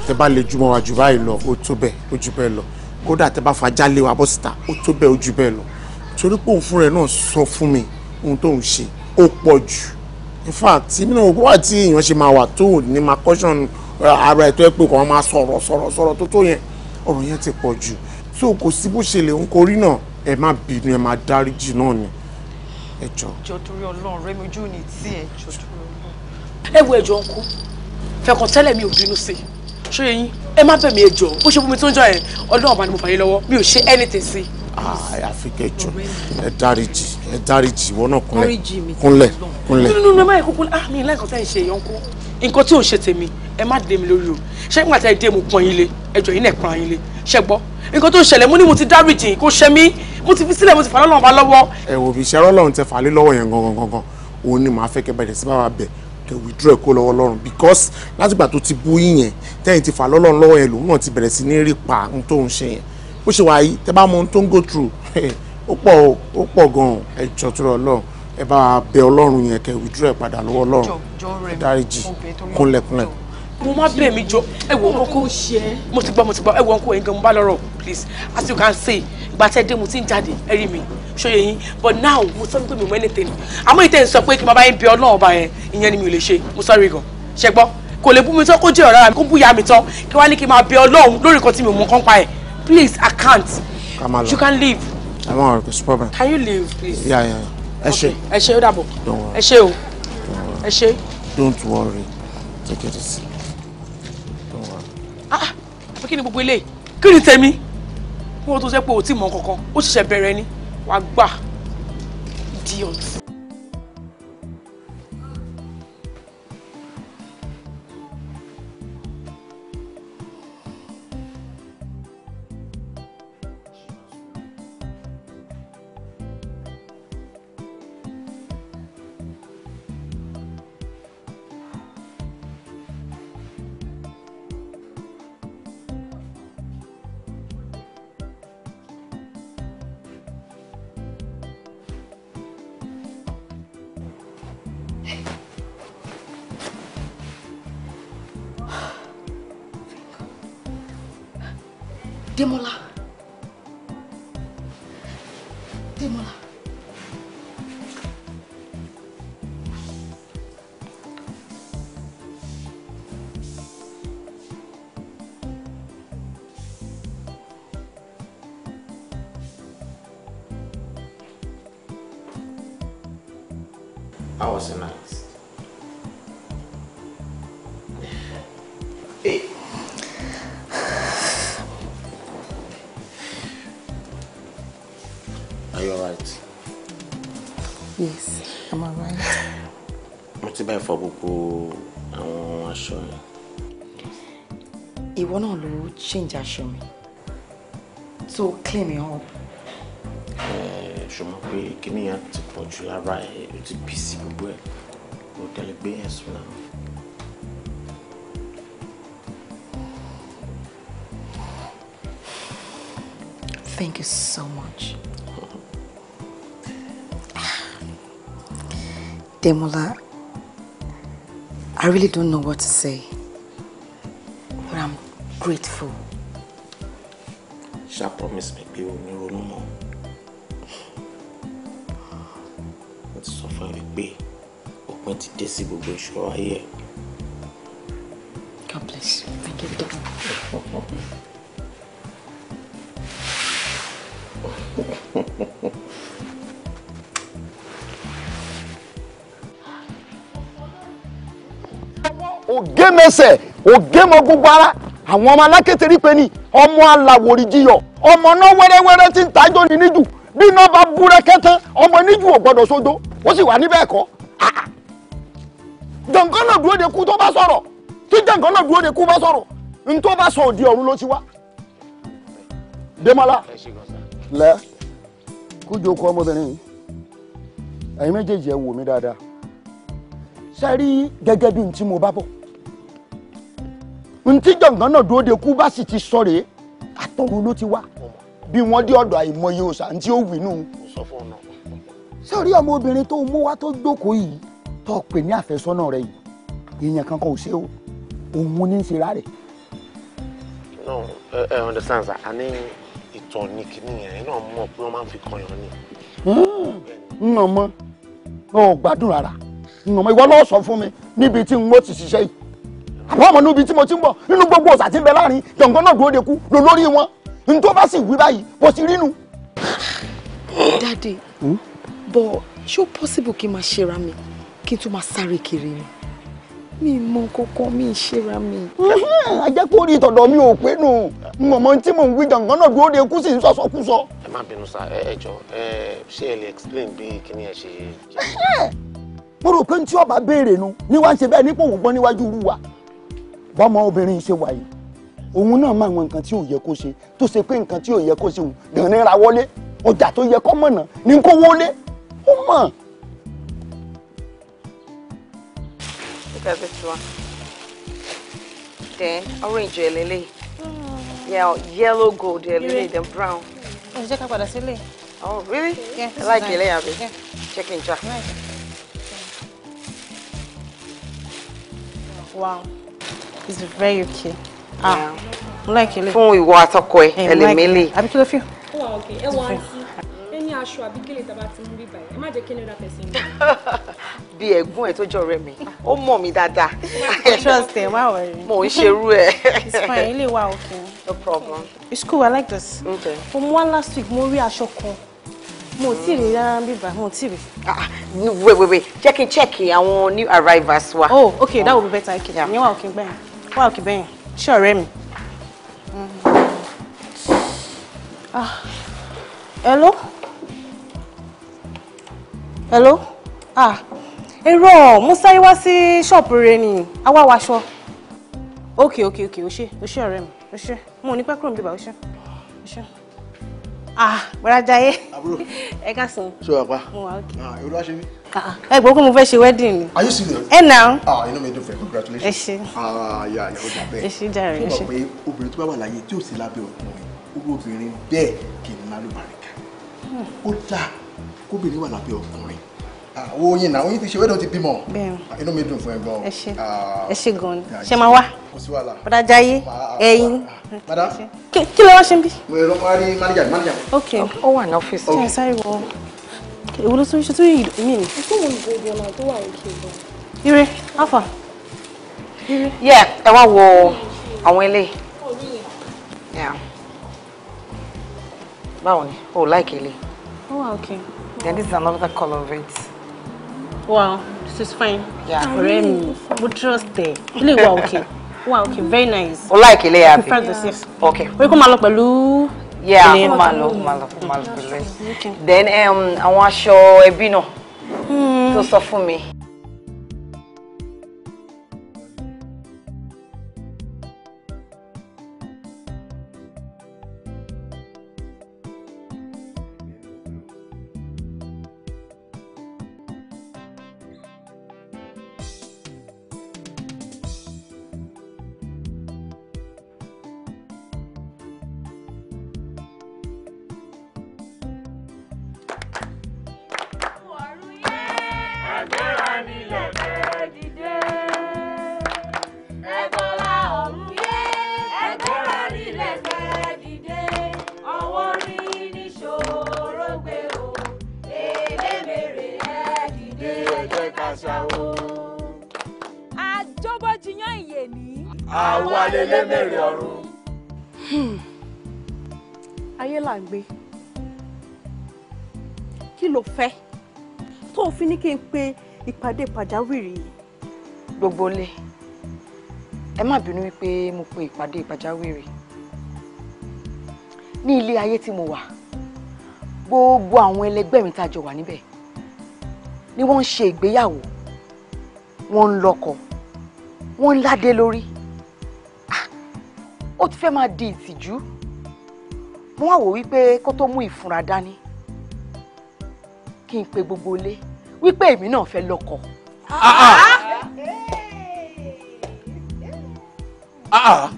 tẹ bá lè jùmọ̀ wá jù báyìí lọ ó tó bẹ́ẹ̀ ó jù bẹ́ẹ̀ lọ kódà tẹ bá fajá lé wa bọ́ síta ó tó bẹ́ẹ̀ ó jù bẹ́ẹ̀ lọ torí pé òun fúnra ẹ̀ náà sọ fún mi ohun tó ń ṣe ó pọ̀ jù in fact mi náà wá tí èèyàn ṣe máa wà tó ní máa caution ara ẹ̀ tó ẹ̀ pé kò wọ́n máa sọ̀rọ̀ sọ̀rọ̀ sọ̀rọ̀ tó tó yẹn ọ̀rọ̀ yẹn ti pọ̀ jù so kò sí bó ṣe lè ń korí náà ẹ má bínú ẹ má dáríjì náà ni ẹ jọ. jọ torí Ọlọ́run rẹ mi ojú ò ní tí ẹ jọ torí Ọlọ́run. ẹ wo ẹjọ ń kú fẹkàn tẹ́lẹ̀ mi ò bínú sí ṣó yẹn ẹ má bẹ̀ mí ẹjọ bó ṣe fún mi tó ń jọ yẹn Ọlọ́run bá ní mo fà yín lọ́wọ́ mi ò ṣe anything sí. àfi kẹjọ ẹ dáríjì ẹ dáríjì ìwọ náà kúnlẹ̀ kúnlẹ̀ kúnlẹ̀. nínú nínú ẹ má yẹ kúkú ah mi ìlànà ìkọsẹ́ ìṣe èèyàn kú nǹkan tí ò ń ṣe tèmi ẹ má dé mi lórí o ṣé nígbà tí ẹ dé mo pọn yín lé ẹjọ yín náà pọn yín lé ṣe gbọ́ nǹkan tó ṣẹlẹ̀ mo ní mo ti dáríjì kò ṣe mí mo ti fi sílẹ̀ mo ti fà lọ́wọ́ bá lọ́wọ́. ẹ wò bí ìṣẹ́rọ́ lọ́run tẹ fà lọ́wọ́ yẹn gangan gangan òun ni màá fẹ́ kẹ́ bẹ̀rẹ̀ sí bàbá bẹ̀ kẹ́ withdraw ẹ̀ kó lọ́wọ́ lọ́run because látìgbà tó ti bú yìnyẹn tẹ́yìn ti fà lọ́lọ́run lọ́wọ́ yẹn lòun náà ti bẹ̀rẹ̀ sí ní rí pa ohun tó ń ṣe yẹn bó ṣe wà yìí tẹ through ó pọ̀ ó pọ̀ gan-an ẹ jọ tó withdraw ẹ̀ padà lọ́wọ́ lọ́run mo má bẹ̀ mí jọ ẹ wọ ọkọ mo ti gbọ́ mo ti gbọ́ ẹ wọ ọkọ ẹ̀yin gan mo bá lọ́rọ̀ please as you can see ìgbà tẹ́ dé mo ti ń jáde ẹ rí mi ṣòye yín but now mo sọ pé mi mọ anything àmọ́ ìtẹ̀ ń sọ pé kí n bá bá yín bí ọlọ́run ọba yẹn ìyẹn ni mi ò lè ṣe mo sọ rí gan ṣe gbọ́ kò lè bú mi tán kó jẹ́ ọ̀rá mi kó búya mi tán kí wá ní kí n máa bẹ ọlọ́run lórí nǹkan tí mi ò mọ kán ẹ̀ please I can't you can leave. I wan work with problem. Can you leave please? Yeah, yeah. Ẹ ṣé. Ẹ ṣé ó dàbọ̀. Don't worry. Ẹ ṣé o. Ẹ ṣé. Don't worry. Take it easy ah pé kí ni gbogbo eléyìí kí ni tèmi kí wọ́n tó sẹ́ pé o ti mọ̀ kankan ó ṣẹ̀ṣẹ̀ bẹ̀rẹ̀ ni wàá gbà idiot. change aṣọ mi to clean me up. Eh, ṣùgbọ́n pé can yẹn ti pọ̀ jù lára ẹ̀ ó ti bí sí gbogbo ẹ̀ mo tẹ́lẹ̀ gbé ẹ̀sùn náà. Thank you so much. Ah, Demola, I really don't know what to say grateful. Ṣá promise mi pé o ní ronú mọ́. Mo ti sọ fún ẹ pé òpin ti dé sí gbogbo ìṣòro ayé God bless you. Thank you, Dad. Ọmọ ògé mẹsẹ̀, ògé mọ gbogbo ara. àwọn ọmọ alákété pé ní ọmọ aláwòrì ọmọ náà wẹ́rẹ́wẹ́rẹ́ ti ń tajọ́ ní níjù bí bá búrẹ́kẹ́ tán ọmọ níjù ò gbọ́dọ̀ sódó ó wà níbẹ̀ ẹ̀kọ́ ah, ah. dúró de kú tó bá sọ̀rọ̀ tí dúró de kú bá n tó bá sọ òdi ọ̀run ló ti wá. Démọ́lá ntí jọ̀ǹgàn náà dúró de kú bá sì ti sọ rèé àtọ̀run ló ti wá bí wọ́n dé ọ̀dọ̀ àìmọye òòsà ntí ó wì nù. sọ̀rí ọmọ obìnrin tó mú wá tó jókòó yìí tó pè ní àfẹ́sọ́nà rẹ yìí èèyàn kankan ò ṣe o òun ní í ṣe rárẹ̀. no ẹ ẹ understand sir a ní ìtàn ní kìíní yẹn náà mọ̀ pé wọ́n máa ń fi kan yàn ni. n ò mọ n ò gbádùn rárá n ò mọ ìwọ ló sọ fún mi níbi tí n ó ti ṣiṣẹ́ yìí àwọn ọmọ níbi tí mo ti ń bọ̀ nínú gbogbo ọ̀sà tí ń bẹ láàrin jọ̀ǹgàn náà dúró de kú lò lórí wọn n tó bá sì wí báyìí bó ti rí nu. dáàdì bọ ṣé ó possible kí n máa ṣera mi kí n tún máa sáré kiri ni mi mọ kókó mi ṣera mi. a jẹ́ kó rí ìtọ̀dọ̀ mi ò pé nù mọ̀mọ́ tí mò ń wí jọ̀ǹgàn náà dúró de kú sì ń sọ̀sọ̀ kú sọ. ẹ má bínú sá ẹ jọ ẹ ṣé ẹ lè explain bí kíní ẹ ṣe. mo rò pé ní tí ọba béèrè nu ni wàá ṣe bẹ́ẹ̀ nípò òwúgbọ́n níwájú rú wa bọ́mọ obìnrin ṣe wà yìí òun náà máa wọn nǹkan tí ò yẹ kó ṣe tó ṣe pé nǹkan tí ò yẹ kó ṣe òun gan ni ra wọlé ọjà tó yẹ kó mọ̀nà ní kó wọlé ó mọ̀. Then orange lele. Yeah, yellow gold lele, then brown. Ẹ jẹ́ ká padà sílé. Oh, really? Yeah. I like nice. lele, abi. Check in, Jack. Wow it's very okay. ah mo like it. fún ìwọ àtọkọ ẹ ẹlẹmẹlẹ. àbí kí ló fi. ó wà òkè ẹ wà á sí ẹni aṣọ àbí kílè tàbá ti mú bíbá ẹ má jẹ́ kí ni ra tẹsán. bí ẹ̀gbọ́n ẹ tó jọ rẹ mi ó mọ̀ mí dáadáa. trust him. Why worry? mo ń ṣerú ẹ. it's fine ilé wa okay. no problem. it's cool i like this. okay. From one last week mo rí aṣọ kan mo ti rí rárá bíbá mo ti Ah, ah wait wait wait jẹ́ kí n check àwọn new arrivals wa. oh okay that would be better okay ìyẹn wà okay. gbẹ̀yìn wà òkè bẹ́yìn ṣé ọ̀rẹ́ mm-hmm. ah. hello hello ah irọ́ mo sáré wá sí ṣọ́ọ̀bù rẹ ni àwa waṣọ ok ok ok o ṣé o ṣé ọ̀rẹ́ mi o ṣé mo ò ní pẹ́ kúrò níbi ìbá o ṣé o ṣé ah gbọ́dájáyé ẹ ká sọ. ṣé wàá pa ìlú àṣẹ mi. ẹ gbọ́ pé mo fẹ́ ṣe wedding ni. are you serious. ẹ nà. ah inú mi dùn fẹ́ congratulations. ẹ ṣe. ah ya ya o jà bẹ́ẹ̀. ẹ ṣe jàre ẹ ṣe. fún wa pé obìnrin tó bá wà láyé tí ò sí lábẹ́ ọkùnrin irú obìnrin bẹ́ẹ̀ kì í má ló hmm. ó dáa kóbìnrin wà lábẹ́ ọkùnrin àwọn ah, oyin náà oyin ti ṣe wẹ́dọ̀ ti bímọ ah, inú mi dùn fún ẹ gan. ẹ ṣé ah. ẹ ṣé gan ni ṣe máa wá bọ́dá jayé ẹyin. kí ló wá ṣe ń bí. mo yẹ lọ́kọ́ rí manager manager. ok ó wà ní ọ́fíìsì. ṣé ẹ sáré wọ ìwọ ló tún ṣe tún yìí mí ni. ọtún wo ìbò ìbò náà tó wà òkè ìbò. ire afa. yẹ ẹ wá wo àwọn eléyìí. báwo ni o ò láìkè lè. ó wà òkè. then this is another color of it wow this is fine Yeah, mi mo trust ẹ ilé wa òkè wa òkè very nice. o like ilé yàrá bi ok Okay. We come lọ pẹ̀lú. yeah kó máa lọ kó máa lọ kó máa lọ show ẹ then um, àwọn aṣọ ẹbí náà hmm. ìpàdé pàjáwìrì yìí gbogbo lé ẹ má bínú wípé mo pe ìpàdé pàjáwìrì ní ilé ayé tí mo wà gbogbo àwọn ẹlẹgbẹ́ mi tá a jọ wà níbẹ̀ ni wọ́n ń ṣe ìgbéyàwó wọ́n ń lọ́kọ wọ́n ń ládé lórí ó ti fẹ́ máa di ìtìjú mo wá wò wípé kó tó mú ìfúnra dání kí n pe gbogbo ilé wípé èmi náà fẹ́ lọ́kọ. Ah, ah. Ah,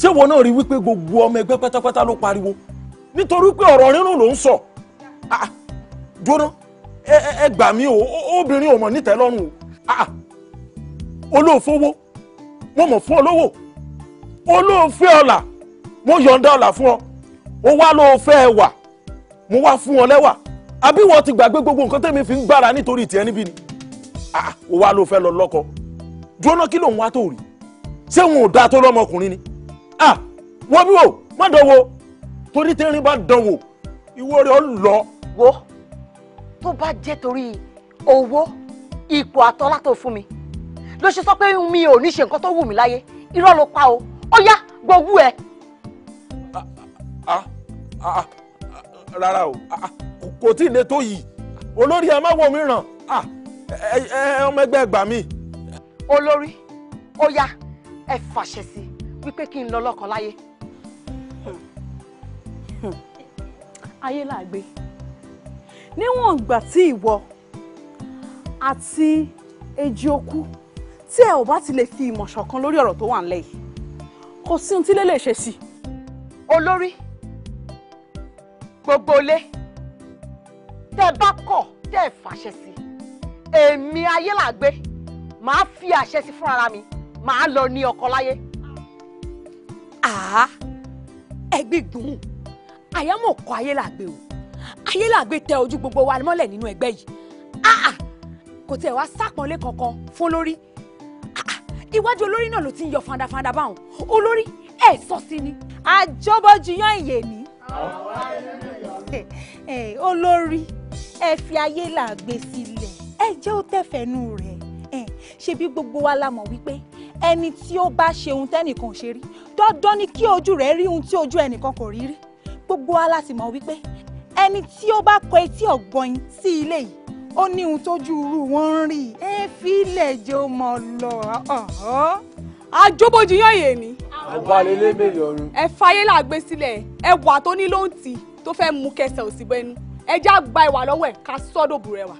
ṣé wọn náà rí wípé gbogbo ọmọ ẹgbẹ́ pátápátá ló pariwo nítorí pé ọ̀rọ̀ rírùn ló ń sọ dúró ẹ gbà mí o obìnrin ò mọ̀ nítẹ́lọ́rùn o olóòfowó mo mọ̀ fún olówó olóòfẹ́ ọ̀la mo yọ̀ǹda ọ̀la fún ọ o wá lóòfẹ́ ẹwà mo wá fún ọ lẹ́wà àbí wọ́n ti gbàgbé gbogbo nǹkan tẹ́mi fi ń gbára nítorí tiẹ̀ níbí ni ó ah, ah, wá ló fẹ́ lọ lọ́kọ dúró náà kí lòun wá tó rí ṣé òun ò dáa tó lọ́mọkùnrin ni ah, wọ́n bí wò má dánwò torí tẹ́rin bá dánwò ìwọ rẹ̀ ó lọ. wo tó bá jẹ́ torí owó ipò àtọ́lá tó fún mi ló ṣe sọ pé mi ò ní ṣe nǹkan tó wù mí láyé irọ́ ló pa o ó yá gbogbo ẹ. rárá o kò tí ì lè tó yìí olórí ẹ má wo mi ràn ah, ọmọ ẹgbẹ́ ẹgbà mi. olórí ó yá ẹ fàṣẹ sí wípé kí n lọ lọ́kọ láyé. ayé làgbé níwọ̀n ìgbà tí ìwọ àti èjì okú tí ẹ ò bá ti lè fi ìmọ̀ ṣọ̀kan lórí ọ̀rọ̀ tó wà ńlẹ̀ yìí kò sí ohun tí lè lè ṣe sí. olórí gbogbo ilé tẹ́ bá kọ̀ tẹ́ fàṣẹ sí èmi ayé là gbé màá fi àṣẹ sí fún ara mi màá lọ ní ọkọ láyé. àá ẹgbẹ́ gbòhùn àyámọ̀ kọ ayé là gbé o ayé là gbé tẹ ojú gbogbo wa mọ́lẹ̀ nínú ẹgbẹ́ yìí àà kò tẹ̀ wá sápọ̀nlé kankan fún lórí iwájú olórí náà ló ti ń yọ fandafanda báwọn olórí ẹ̀ sọ sí ni àjọbọ̀jù yan ìyè ni olórí ẹ fi ayé làgbé sílẹ̀ ẹ jẹ́ ó tẹ̀fẹ̀nu rẹ̀ ẹ ṣebí gbogbo wa la mọ̀ wípé ẹni tí ó bá ṣe ohun tẹ́nìkan ṣe rí dandan ni kí ojú rẹ̀ rí ohun tí ojú ẹnìkan kò rí rí gbogbo wa la sì mọ̀ wípé ẹni tí ó bá kọ etí ọ̀gbọ́n sí ilé yìí ó ní ohun tójú irú wọn ń rí ẹ fi ilẹ̀ jẹ́ ó mọ̀ lọ ọ̀họ́ àjọbójiyàn yé ni. àbálẹ̀lẹ̀ mélòó ọ̀run. ẹ fayé làgbé sílẹ̀ ẹ wà tó ní lóǹtì tó fẹ́ mú kẹsẹ̀ òsì bẹ́nu ẹja gba ìwà lọ́wọ́ ẹ̀ ká sọ́dọ̀ bùrẹ̀ wa.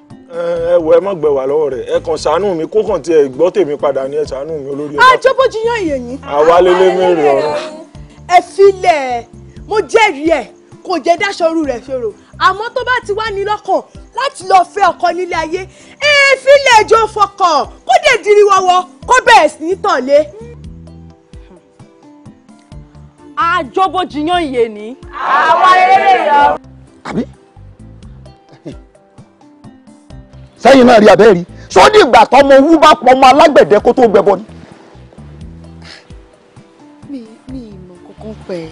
ẹ wọ ẹ má gbẹ wà lọ́wọ́ rẹ ẹ kàn ṣàánú mi kó kàn tiẹ̀ gbọ́ tèmi padà ní ẹ ṣàánú mi olórí ẹ. àjọbọjú yan èèyàn yìí. àwa lélẹ́ mẹ́rin ọ̀rọ̀. ẹ filẹ̀ mo jẹ́rìí ẹ̀ kò jẹ́ dáṣọrú rẹ̀ fèrò àmọ́ tó bá ti wá ní lọ́kàn láti lọ fẹ́ ọkọ nílé ayé ẹ filẹ̀ ẹjọ́ fọkàn kó dé diri wọ́wọ́ kó bẹ̀rẹ̀ sí ní tọ̀lé. àjọbọjú yan ìyè ni. àwa eré rẹ̀. àbí sẹ́yìn náà rí abẹ́rí sódì ìgbà tọmọ owó bá pọ̀ ọmọ alágbẹ̀dẹ kó tó gbẹbọ ni. mi mi ìmọ̀ kankan pẹ̀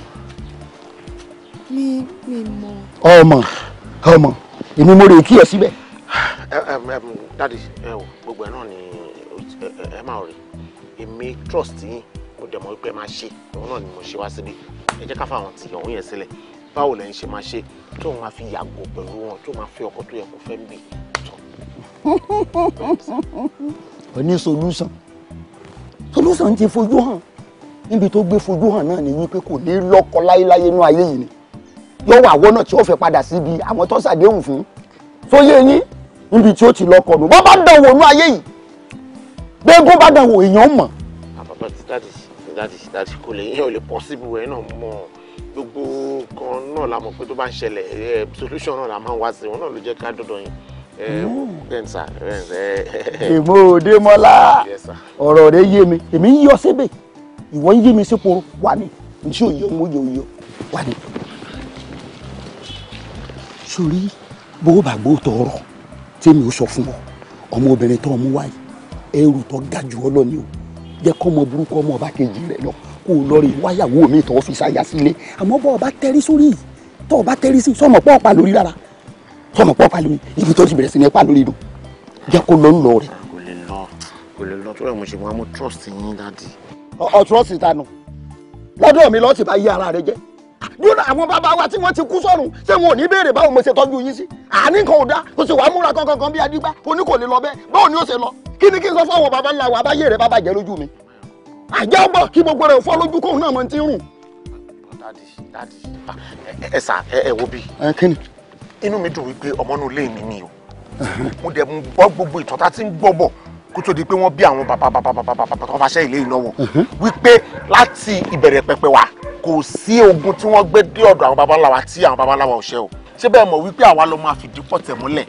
mi mi mọ̀. ọmọ ọmọ èmi mo rè kí ẹ síbẹ̀. dadi gbogbo ẹ náà ni ẹ máa rí èmi trust yín mo dẹ̀ mọ̀ wípé ẹ máa ṣe òun náà ni mo ṣe wá síbí ẹ jẹ́ ká fáwọn tìyàn òun yẹn sílẹ̀ báwo lẹ́yìn ṣe máa ṣe tó máa fi yàgò pẹ̀lú wọn tó máa fi ọkọ tó yẹ kó fẹ́ ń bì ó ní solution solution ti fojú hàn níbi tó gbé fojú hàn náà ni wípé kò ní lọ́kọ láyéláyé inú ayé yìí ni yóò wà wọ́nà tí ó fẹ́ padà síbi àwọn tó ṣàdéhùn fún tó yé yín níbi tí ó ti lọ́kọ nù bọ́ bá dàn wò inú ayé yìí gbẹ́ngàn bá dàn wò èèyàn mọ̀. àbàbà ti dáàdì dáàdì dáàdì kò lè yẹn ò lè pọ̀ síbi wẹ̀ náà mọ́ gbogbo kan náà la mọ̀ pé tó bá ń ṣẹlẹ̀ eh, solution náà la máa ń wá sí wọn náà ló jẹ́ ká dọ̀dọ̀ yín Eh, èmo òdèmọ́lá ọ̀rọ̀ rẹ̀ yé mi èmi ń yọ síbẹ̀ ìwọ ń yé mi sípò wà ní tí ò yọ mo yọ yọ wà ní. sórí bó o bá gbọ́ tọrọ tèmi ò sọ fún ọ ọmọbìnrin tó mú wáyé ẹrù tó ga jù ọ lọ ni o jẹ́ kọ́ ọmọ burúkú ọmọ ọba kejì rẹ̀ lọ kó o lọ rí wáyàwó mi tó fi ṣáyà sílé àmọ́ bọ́ ọba tẹrí sórí tọ́ ọba tẹrí sí sọmọ pọ́ọ̀pá lórí rárá sọmọ pọ́ pa lórí ibi tó ti bẹ̀rẹ̀ sí ní pa lórí nu jẹ́ kó lọ lọ rẹ̀. kò lè lọ kò lè lọ tó rẹ̀ mo ṣe wọn mo trust yín dáàdì. ọ trust ta nù lọ́dọ̀ mi lọ́ọ́ ti bá yí ara rẹ jẹ́ dúró àwọn bàbá wa tí wọ́n ti kú sọ́run ṣé wọn ò ní béèrè báwo mo ṣe tọ́jú yín sí àní kan ò dá kò sì wàá múra kankan kan bí adigbá oní kò lè lọ bẹ́ẹ̀ báwo ni ó ṣe lọ kí ni kí n sọ fún àwọn bàbá ńlá wa abáyé rẹ bàbá jẹ lójú mi àjẹ́ ọgbọ́n kí gbogbo rẹ̀ fọ́ lójú kóun náà mọ̀ ti ń rùn. Ah, ẹ sà ẹ wo bí. ẹ kí ni inú mi dùn wípé ọmọ inú ilé mi ni o mo dẹ̀ mo gbọ́ gbogbo ìtọ́ta tí ń gbọ́ bọ̀ kó tó di pé wọ́n bí àwọn bàbá bàbá bàbá bàbá tó fàṣẹ ilé ìnáwó wípé láti ìbẹ̀rẹ̀ pẹpẹ wa kò sí ogun tí wọ́n gbé dé ọ̀dọ̀ àwọn baba ńlá wa tí àwọn baba ńlá wa ò ṣe o ṣé bẹ́ẹ̀ mọ̀ wípé àwa ló máa fìdí pọ̀tẹ̀ múlẹ̀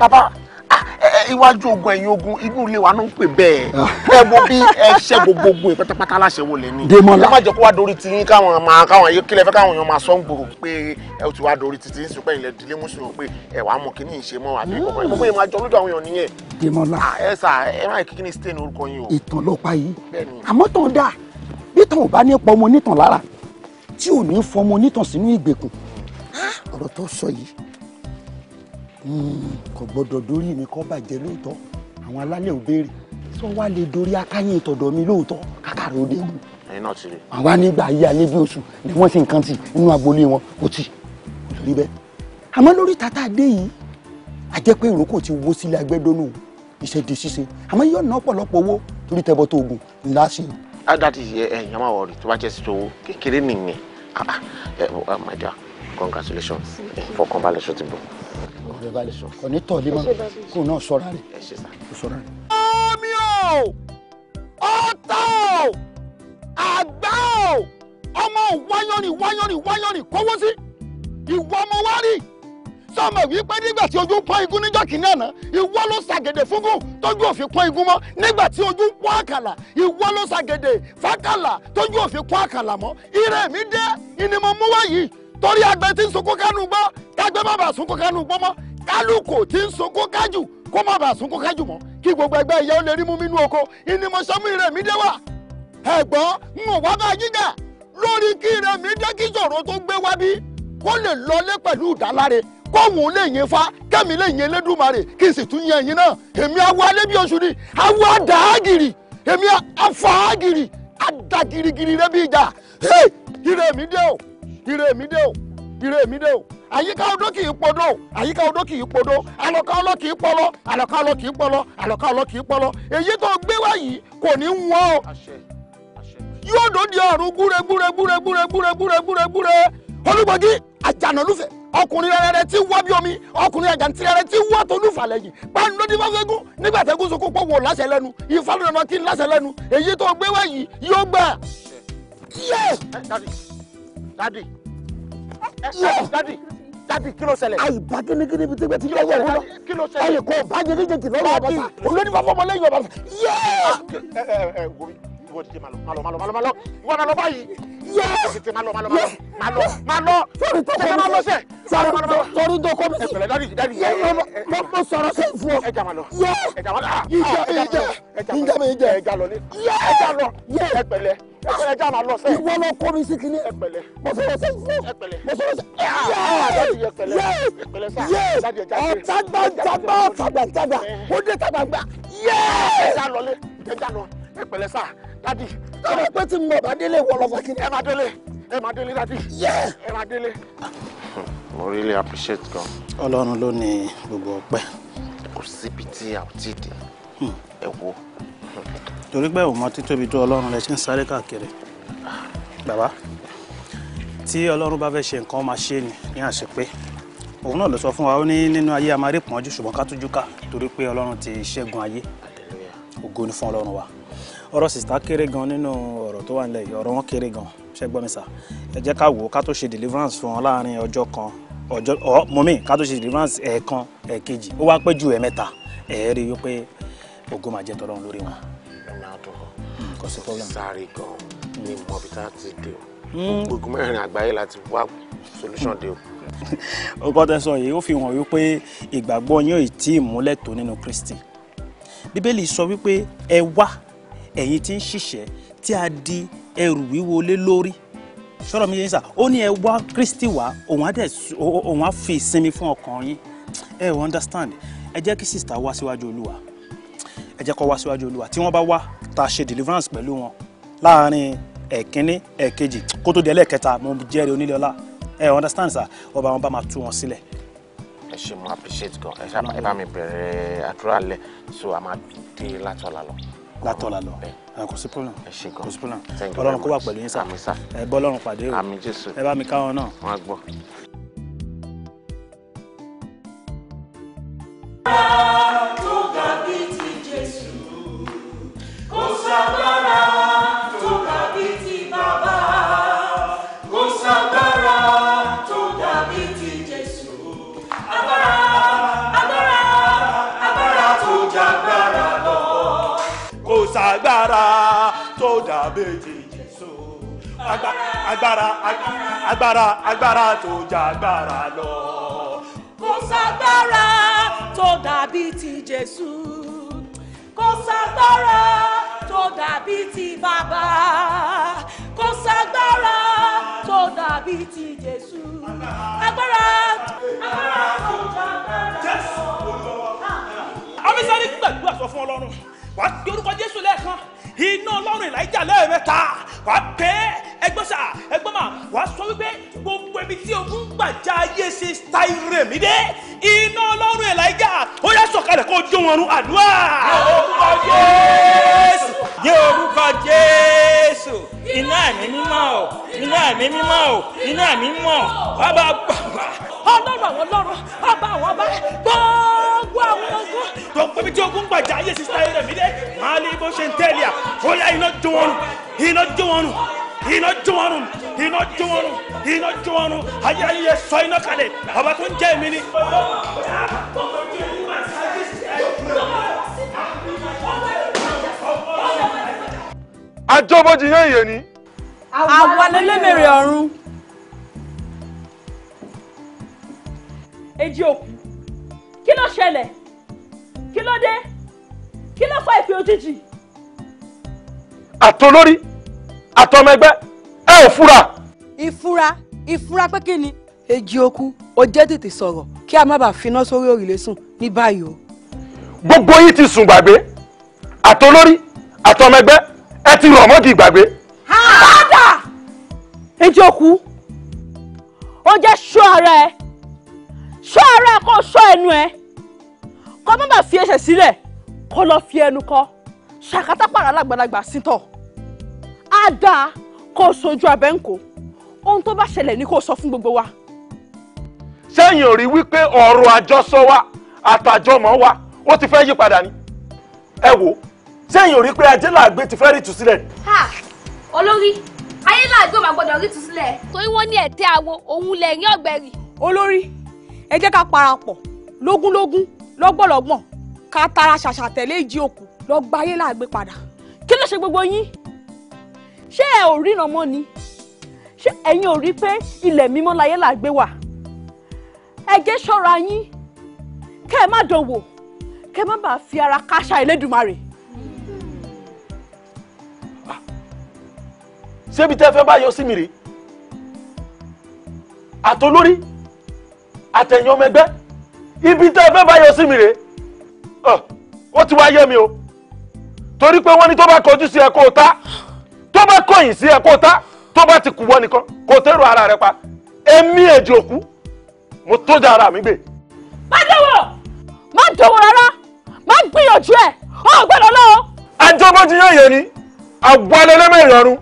bàbá iwájú ogun ẹ̀yìn ogun inú ilé wa náà ń pè bẹ́ẹ̀ ah. ẹ wo bí ẹ ṣẹ́ gbogbo ogun ẹ pátápátá láṣẹ wo lẹ ní. Dèmọ́lá ẹ má jẹ́ kó wá dorí ti yín káwọn máa káwọn yìí kílẹ̀ fẹ́ káwọn èèyàn máa sọ́n gbòòrò pé ẹ ti wá dorí ti ti ń sùpẹ́ ilẹ̀ ìdílé mùsùlùmí pé ẹ wàá mọ̀ kíní ìṣe mọ́ àbí kọ̀kọ́ ẹ gbogbo yẹn máa jọ lójú àwọn èèyàn nìyẹn. Dèmọ́lá ah, ẹ sà ẹ má kíní stain orúkọ yín o. ìtàn ló pa yìí àmọ́ tàn dáa bí tàn ò bá ní pọ ọmọ onítàn lára tí ò ní fọmọ onítàn sínú ìgbèkùn ọ̀rọ̀ tó sọ yìí kò gbọdọ̀ dórí mi kọ́ bàjẹ́ lóòótọ́ àwọn alálẹ̀ ò béèrè sọ wá lè dorí akáyìn tọ̀dọ̀ mi lóòótọ́ kàkàrà òde kù. ẹyin náà ti rí. àwa nígbà ayé alẹ́ bí oṣù ni wọ́n sì ń kan sí inú agboolé wọn kò tí kò rí bẹ́ẹ̀. àmọ́ lórí tata adé yìí a jẹ́ pé ìrókò ti wó sílé agbẹ́dọ́nù iṣẹ́ di ṣíṣe àmọ́ yóò ná ọ̀pọ̀lọpọ̀ owó torí tẹ́bọ̀ tó oògùn ńlá sí i. adati ẹyin ọmọ wọrí tó bá jẹ́ sító owó kékeré nìyẹn ah ah eh, oh, oh my dear congratulations fọkànbalẹ̀ ṣó ti bọ̀ balẹ̀ sọ kò ní tọ̀ lé mọ́ kó náà sọ̀rọ̀ rẹ̀ kó sọ̀rọ̀ rẹ̀. omi o ọ̀tọ̀ o àgbá o ọmọ wáyọ̀nì wáyọ̀nì wáyọ̀nì kówó sí ìwọ ọmọ wa rí sọmọ wípé nígbà tí ojú pọ́n igun níjọ́ kìíní àná ìwọ ló ṣàgèdè fúngún tójú òfin pọ́n igun mọ́ nígbà tí ojú pọ́n àkàlà ìwọ ló ṣàgèdè fákàlà tójú òfin pọ́n àkàlà mọ́ ire mi dé ìnimọ̀ mú wáyìí torí àgbẹ̀ tí ń sunkún kánú gbọ́ kágbẹ́ má sunkún kánú gbọ́ mọ́ kálukú tí ń sunkún kájù kó má bàa sunkún kájù mọ́ kí gbogbo ẹgbẹ́ ìyá ó lè rí mú mi nú oko ìnimọ̀sánmú ìrẹ̀ mi dé wà ẹ̀gbọ́n ń wá bá jíjà lórí kí ìrẹ̀ mi dé kí ìṣòro tó gbé wá bí kó lè lọlé pẹ̀lú ìdáláre kóhùn lè yín fa kẹ́mi lè yín Elédùmarè kí n sì tún yẹn yín náà èmi awọ bí oṣù ni awọ àdàgìrì èmi afàgìrì àdàgìrìgìrì rẹ bí ìjà ìrẹ̀ mi dé o ìrẹ̀ mi dé o ìrẹ̀ mi dé o àyíká odó kì í podó àyíká odó kì í podó àlọ́ká ọlọ́ kì í pọlọ́ àlọ́ká ọlọ́ kì í pọlọ́ àlọ́ká ọlọ́ kì í pọlọ́ èyí tó gbé wá yìí kò ní wọ́n o yóò dòde ọ̀run gúre gúre gúre gúre gúre gúre gúre gúre olúgbọ́gí àjànàlúfẹ́ ọkùnrin rẹ̀rẹ̀ tí wọ́ bí omi ọkùnrin àjàntìrẹ̀rẹ̀ tí wọ́ tolúfà lẹ́yìn pàánù ló ti fẹ́ fẹ́gún nígbà tẹ́gún sọ kópó wò láṣẹ lẹ́nu ìfọ́nùdànà kí n láṣẹ lẹ́nu èyí tó gbé wá yìí yóò gbà. dadi dadi dadi dadi kí ló ṣẹlẹ̀. ayi ba gẹnẹgẹnẹ bi tẹgbẹ ti lọ wọ wọlọ ayi kò ba jẹjẹjẹ ti lọ wọ bàtà olórí bá fọmọ lẹ́yìn ọbàtà yéé ìwọ dìde má lọ má lọ má lọ má lọ má lọ ìwọ má lọ báyìí. yẹ tètè má lọ má lọ má lọ má lọ. sọ̀rọ̀ tó kọ́ mi sí sọ̀rọ̀ tó kọ́ mi sí. ẹ̀pẹ̀lẹ́ dárí dárí. yẹ mo mo sọ̀rọ̀ sí fún ọ. ẹja má lọ yẹ ẹja má lọ. ìjà ìjà ìjà mi ìjà. ẹja lọ ni yẹ ẹja lọ yẹ ẹ̀pẹ̀lẹ́ ẹ̀pẹ̀lẹ́ ẹja má lọ sẹ. ìwọ lọ kọ́ mi sí kini. ẹ̀pẹ̀lẹ́ mo sọ̀rọ̀ sí fún ọ. ẹ̀pẹ̀lẹ́ mo sọ̀rọ̀ sí. yẹ yẹ ọ̀tàgbà ọ̀tàgbà ọ̀tàgbà ọ̀tàgbà ó dé tàgbà gbà yẹ. Eh, ẹja lọ lé ẹja lọ ẹ pẹ̀lẹ́ sá dádì. tọ́lá pé tí mo bá délé wọ lọ́fà kí ni. ẹ máa délé ẹ máa délé dádì. ẹ máa délé. mo really appreciate gan. ọlọ́run ló ní gbogbo ọpẹ́. kò síbi tí a ò tí ì dé hmm. ẹ wo. torí pé òun mọ títóbi tó ọlọ́run rẹ ṣe ń sáré káàkiri bàbá tí ọlọ́run bá fẹ́ ṣe nǹkan máa ṣe ni ní àṣepé òun náà ló sọ fún wa ó ní nínú ayé a máa rí pọ́njú ṣùgbọ́n ká tújú ká torí pé ọlọ́run ti ṣẹ́gun ayé ògo ni fún ọlọ́run wa ọ̀rọ̀ sista kéré gan nínú ọ̀rọ̀ tó wà nílẹ̀ yìí ọ̀rọ̀ wọn kéré gan ṣe gbọ́ mi sà ẹ jẹ́ ká wò ó ká tó ṣe deliverance fún wọn láàrin ọjọ́ kan ọjọ́ ọ mọ̀mí ká tó ṣe deliverance ẹ̀ẹ̀kan ẹ̀ẹ̀kejì ó wá pẹ́ ju ẹ̀ẹ̀mẹ́ta ẹ̀ẹ́ rí i pé ògo máa jẹ́ tọ́lọ́run lórí wọn. Hmm, kò sí problem. sáré gan ni mọ̀bítà ti dé o hmm. gbogbo mẹ́rin àgbáyé láti wá solution dé o ọkọ tẹ sọ yìí ó fi hàn wípé ìgbàgbọ́ yín ò tí ì múlẹ̀ tó nínú Kristi bíbélì sọ wípé ẹ wá ẹ̀yin tí ń ṣiṣẹ́ tí a di ẹrù wíwo lé lórí sọ̀rọ̀ mi yẹn sà ó ní ẹ wá Kristi wá òun á dẹ̀ òun á fi ìsinmi fún ọkàn yín ẹ ò understand ẹ jẹ́ kí sista wá síwájú Olúwa ẹ jẹ́ kó wá síwájú Olúwa tí wọ́n bá wá tá a ṣe deliverance pẹ̀lú wọn láàárín ẹ̀kínní ẹ̀kejì kó tó di ẹlẹ́ẹ̀kẹta mo jẹ́rìí onílé ọlá ẹ ò understand sà ọba wọn bá máa tú wọn sílẹ̀ ẹ ṣe mo appreciate gan ẹ bá mi bẹ̀rẹ̀ àdúrà lẹ̀ so a máa dé látọ̀la lọ látọ̀la lọ ah, kò sí problem kò sí problem ọlọ́run kó wà pẹ̀lú yín sá ẹ bọ́ ọlọ́run pàdé o ẹ bá mi káwọn náà. agbára agbára agbára tó jà agbára lọ. kò ságbára tó dàbí ti Jésù kò ságbára tó dàbí ti bàbá kò ságbára tó dàbí ti Jésù agbára agbára tó jà agbára lọ. abisari gbàdúrà sọ fún Ọlọ́run wàá gbé orúkọ Jésù lẹ́ẹ̀kan iná Ọlọ́run ìlàjà lẹ́ẹ̀mẹ́ta wàá pè é náà wàá sọ wípé gbogbo ibi tí ogun gbàjà ayé ṣe ta ire mi dé iná ọlọ́run ẹ̀láìjà ó yá sọ̀kalẹ̀ kó jó wọn run àdúrà. orúkọ jésù ní orúkọ jésù iná ẹ̀mí mímọ́ o iná ẹ̀mí mímọ́ o iná ẹ̀mí mímọ́ o bàbá bàbá. ọlọ́run àwọn ọlọ́run ọba àwọn ọba gbogbo àwọn ogun. gbogbo ibi tí ogun gbàjà ayé ṣe ta ire mi dé máa lé bó ṣe ń tẹ́lẹ̀ à ó yá iná jó wọn run iná jó wọn run hinojumanu hinojumanu hinojumanu ayayi ye sɔyinɔ kan de a b'a to n jɛ mi ni. àjọbọ̀jì yẹn yẹn ni. àwọn lẹ́lẹ́mẹ̀rẹ̀ ọ̀run. èjì òkú kí ló ṣẹlẹ̀ kí ló dé kí ló fa ìpè òjijì. àtolórí àtọmọ ẹgbẹ́ ẹ ò fura. ìfura ìfura pé kí ni. èjì okú ó jẹ́ tètè sọ̀rọ̀ kí a má bàa finá sórí òrìlé sùn ní báyìí o. gbogbo yìí ti sùn gbàgbé àtolórí àtọmọ ẹgbẹ́ ẹ ti rọ̀ mọ́dì gbàgbé. àádà èjì okú ó jẹ́ ṣọ́ ara ẹ ṣọ́ ara ẹ kó ṣọ́ ẹnu ẹ kó má bàa fi ẹsẹ̀ sílẹ̀ kó lọ́ọ́ fi ẹnu kọ́ ṣàkátà pàrọ̀ alágbàlagbà síntọ̀ á dáa kó o sojú abẹ́ ń kó ohun tó bá ṣẹlẹ̀ ni kó o sọ fún gbogbo wa. sẹ́yìn ò rí wípé ọ̀rọ̀ àjọsọ wa àtàjọmọ̀ wa ó ti fẹ́ yí padà ni ẹ wò sẹ́yìn ò pé ajé làgbé ti fẹ́ rí ìtúsílẹ̀. ha olórí ayé làgbé ò máa gbọdọ̀ rí ìtúsílẹ̀. torí wọ́n ní ẹ̀tẹ́ awo òun lẹ̀ ní ọ̀gbẹ̀rì. olórí ẹ jẹ́ ká parapọ̀ lógúnlógún lọ́gbọ̀lọ́gbọ̀n ká tara ṣàṣà tẹ̀lé ìjì òkú lọ gba ayé làgbé padà kí ló ṣe gbogbo yín ṣé ẹ ò ríran mọ́ ni ṣé ẹ̀yin ò rí pé ilẹ̀ mímọ́ láyé là gbé wà ẹ̀jẹ̀ ṣọ́ra yín kẹ́ ẹ má dánwò kẹ́ ẹ má bàa fi ara káṣá Elédùmarè. ṣébi tẹ́ fẹ́ bá yọ sí mi rèé àtolórí àtẹ̀yìn ọmọ ẹgbẹ́ ibi tẹ́ fẹ́ bá sí mi rèé ó ti wá yé mi o torí pé wọ́n ní tó bá kọjú sí ẹ kó o ta tó bá kọ̀yìn sí ẹ kó tá tó bá ti kù wọ́n nìkan kó tẹ́rù ara rẹ pa èmi èjì òkú mo tó da ara mi gbé. má dọ̀wọ̀ má dọ̀wọ̀ rárá má gbìyànjú ẹ̀ ọ̀ gbọ́dọ̀ lọ́wọ́. ajọ́ bó ti yàn yẹn ni àgbọ̀lẹ́lẹ́mẹ̀ ìrọ̀rùn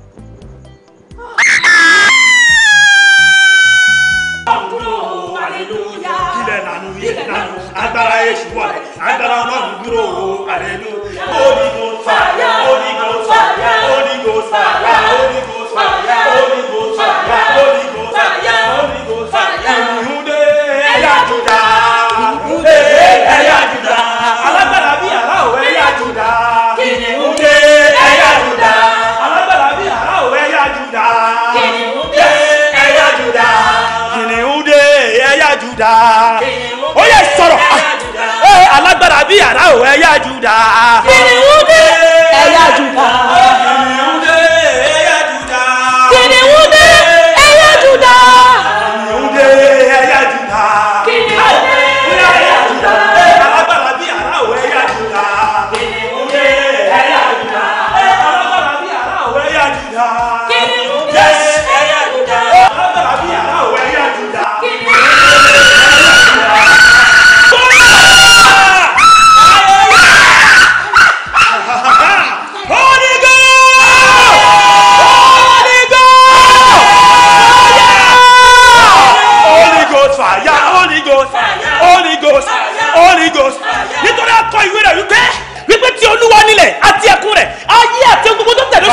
agbára èṣù wà agbára ọlọ́run dúró o àrẹ́lú Holy Ghost fàyà Holy Ghost fàyà Holy Ghost fàyà Holy Ghost fàyà Holy Ghost fàyà Holy Ghost fàyà Holy Ghost fàyà ìrúdé ẹ̀yà jùdá ìrúdé ẹ̀yà jùdá alágbára bí àrá òwe ẹ̀yà jùdá kìnìún ẹ̀yà jùdá alágbára bí àrá òwe ẹ̀yà jùdá kìnìún dé ẹ̀yà jùdá kìnìún ẹ̀yà jùdá bí yàrá òwe ẹ̀yà jù dáa. kìnìún dé ẹ̀yà jù dáa.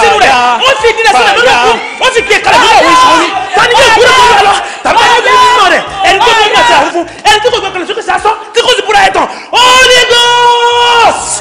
sínú rẹ̀ ó fi ìdílé sílẹ̀ lọ́lọ́kùn ó sì gbé kalẹ̀ lọ́wọ́ àwọn ìṣòro ni tani yóò gbúdọ̀ tó yà lọ tàbí ẹni tó nínú rẹ̀ ẹni tó gbé kalẹ̀ àwọn fún ẹni tó gbé kalẹ̀ sókè sásán tí kò sì búra ẹ̀ tán Holy Ghost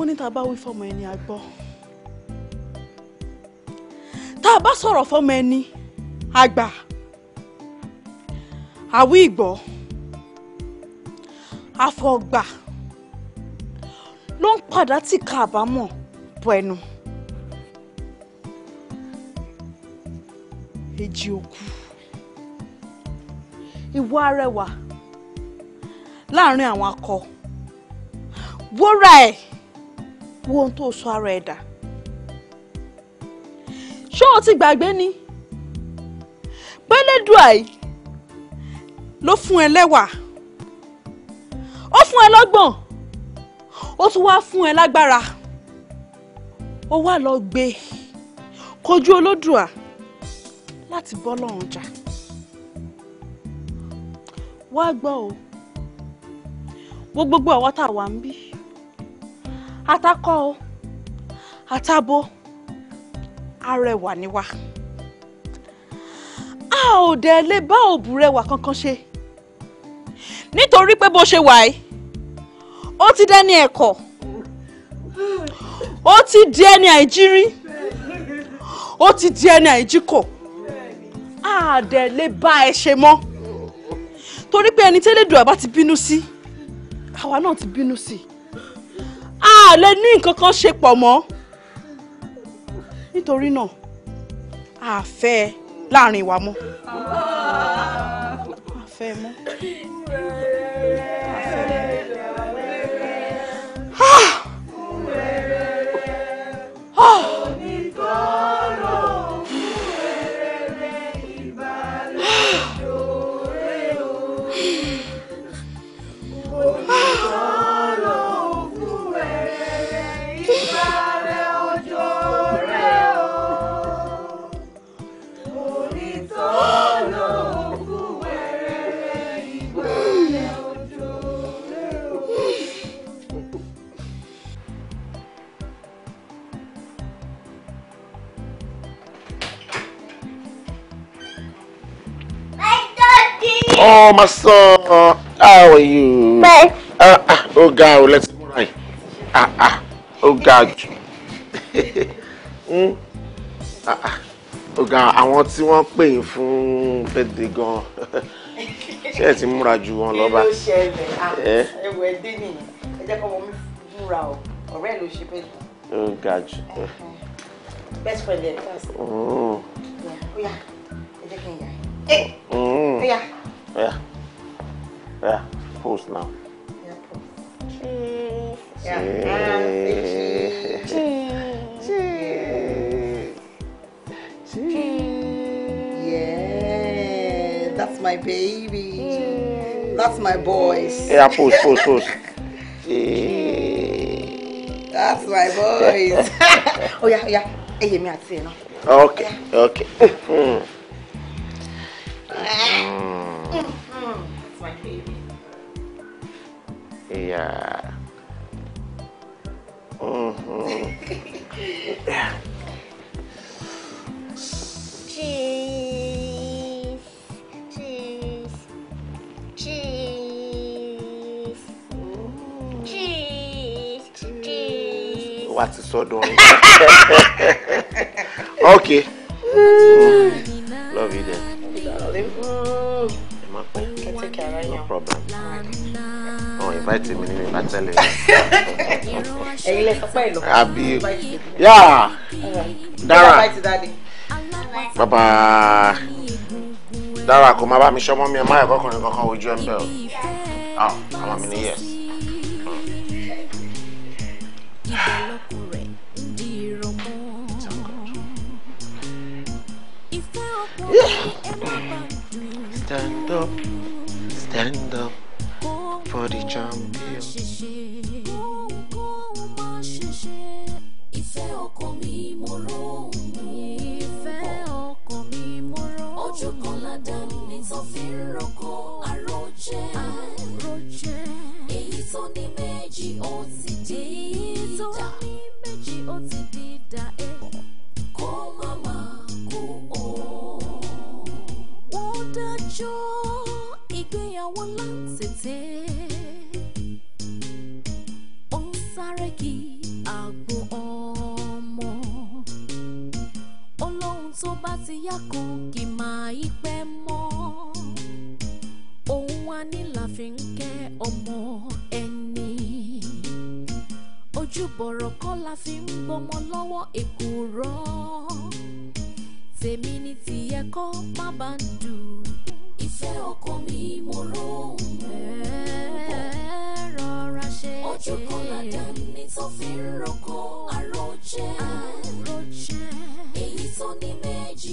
wọ́n ní tá a bá wí fọmọ ẹni a gbọ́ a bá sọ̀rọ̀ fọmọ ẹni a gbà àwí ìgbọ́ àfọ̀gbà ló ń padà tí ká àbámọ̀ bọ ẹnu. èjì òkú ìwọ arẹwà láàrin àwọn akọ wúrà ẹ̀ gbogbo ohun tó sọ ara ẹ̀ dà ṣé o ti gbàgbé ni pẹ́lẹ́dùà yìí ló fún ẹ lẹ́wà ó fún ẹ lọ́gbọ̀n ó tún wá fún ẹ lágbára ó wá lọ gbé kojú olódùà láti bọ́ lọ́run jà wá gbọ́ o wo gbogbo àwa tá a wà ń bí atakọ o atabo arẹwà ni wá a ò dẹ̀ lè bá òbúrẹ̀wà kankan ṣe nítorí pé bó ṣe wà yìí ó ti dẹ́ni ẹ̀kọ́ ó ti di ẹni àìjírí ó ti di ẹni àìjíkọ̀ a dẹ̀ lè bá ẹ ṣe mọ́ torí pé ẹni tẹ́lẹ̀dùn àbá ti bínú sí àwa náà ti bínú sí i a lè ní nǹkan kan ṣe pọ̀ mọ́ nítorí náà a fẹ́ ẹ láàrin wa mọ́ a fẹ́ mọ́ a fẹ́ mọ́. Ah! Ah! hello my son how are you. Bye. ah ah ó ga o lẹ́tí múra ah ah oh God. jù hmm? ah ah oh God. I want wọ́n pè yín fún birthday gan ṣé ẹ ti múra ju wọn lọ bá. kí ló ṣẹlẹ̀ ah ẹ̀wọ̀ ẹ̀ dé nìyẹn ẹ jẹ́ kọ́ wọ́n mi múra o ọ̀rẹ́ ló ṣe bẹ́ẹ̀. ó ga best friend ẹ̀ first. Hmm. Yeah. yá ẹ jẹ́ kí n yà ẹ́ hmm. ó yá. Yeah. Yeah. Post now. Yeah. Cheese. Yeah. Yeah. That's my baby. That's my boys. Yeah. post, post, post. That's my boys. oh yeah. Yeah. Hey, me at see no. Okay. Yeah. Okay. Mm. Äh. Mm baby. Yeah. Mm-hmm. Cheese. Cheese. Cheese. Cheese. Cheese. What is so doing? okay. Mm. Love you then. Darling. Mm take care right no problem oh invite him anyway I tell him. ẹyin lẹ sọ pé ìlọ. àbí yà dára bàbá dára kò má bá mi ṣọmọ mi ah, ẹ má yẹ and kankan ojú ẹ ń bẹ o àwọn yes. Yeah. Stand up end up for the champion. Ìfẹ́ ọkàn mi mo rò mí. Ìfẹ́ ọkàn mi mo rò mí. Ojú kan ládàá ní tó fi ń roko àròjẹ. Àròjẹ. Èyí tó ní méjì ó ti di ìdá. Èyí tó ní méjì ó ti di ìdá. Kó má má kú o. Wọ́n dájọ́ ìgbéyàwó láǹtètè ó ń sáré kí àgbo ọmọ olóhun tó bá ti yá kan kì máa í pẹ́ mọ́ òun wa ní láfi ń kẹ́ ìfẹ́ ọkàn mi mo lóhùn mú. rọra ṣe é ojú kan làdá ni tó fi ń roko àròjẹ èyí tó ní méjì.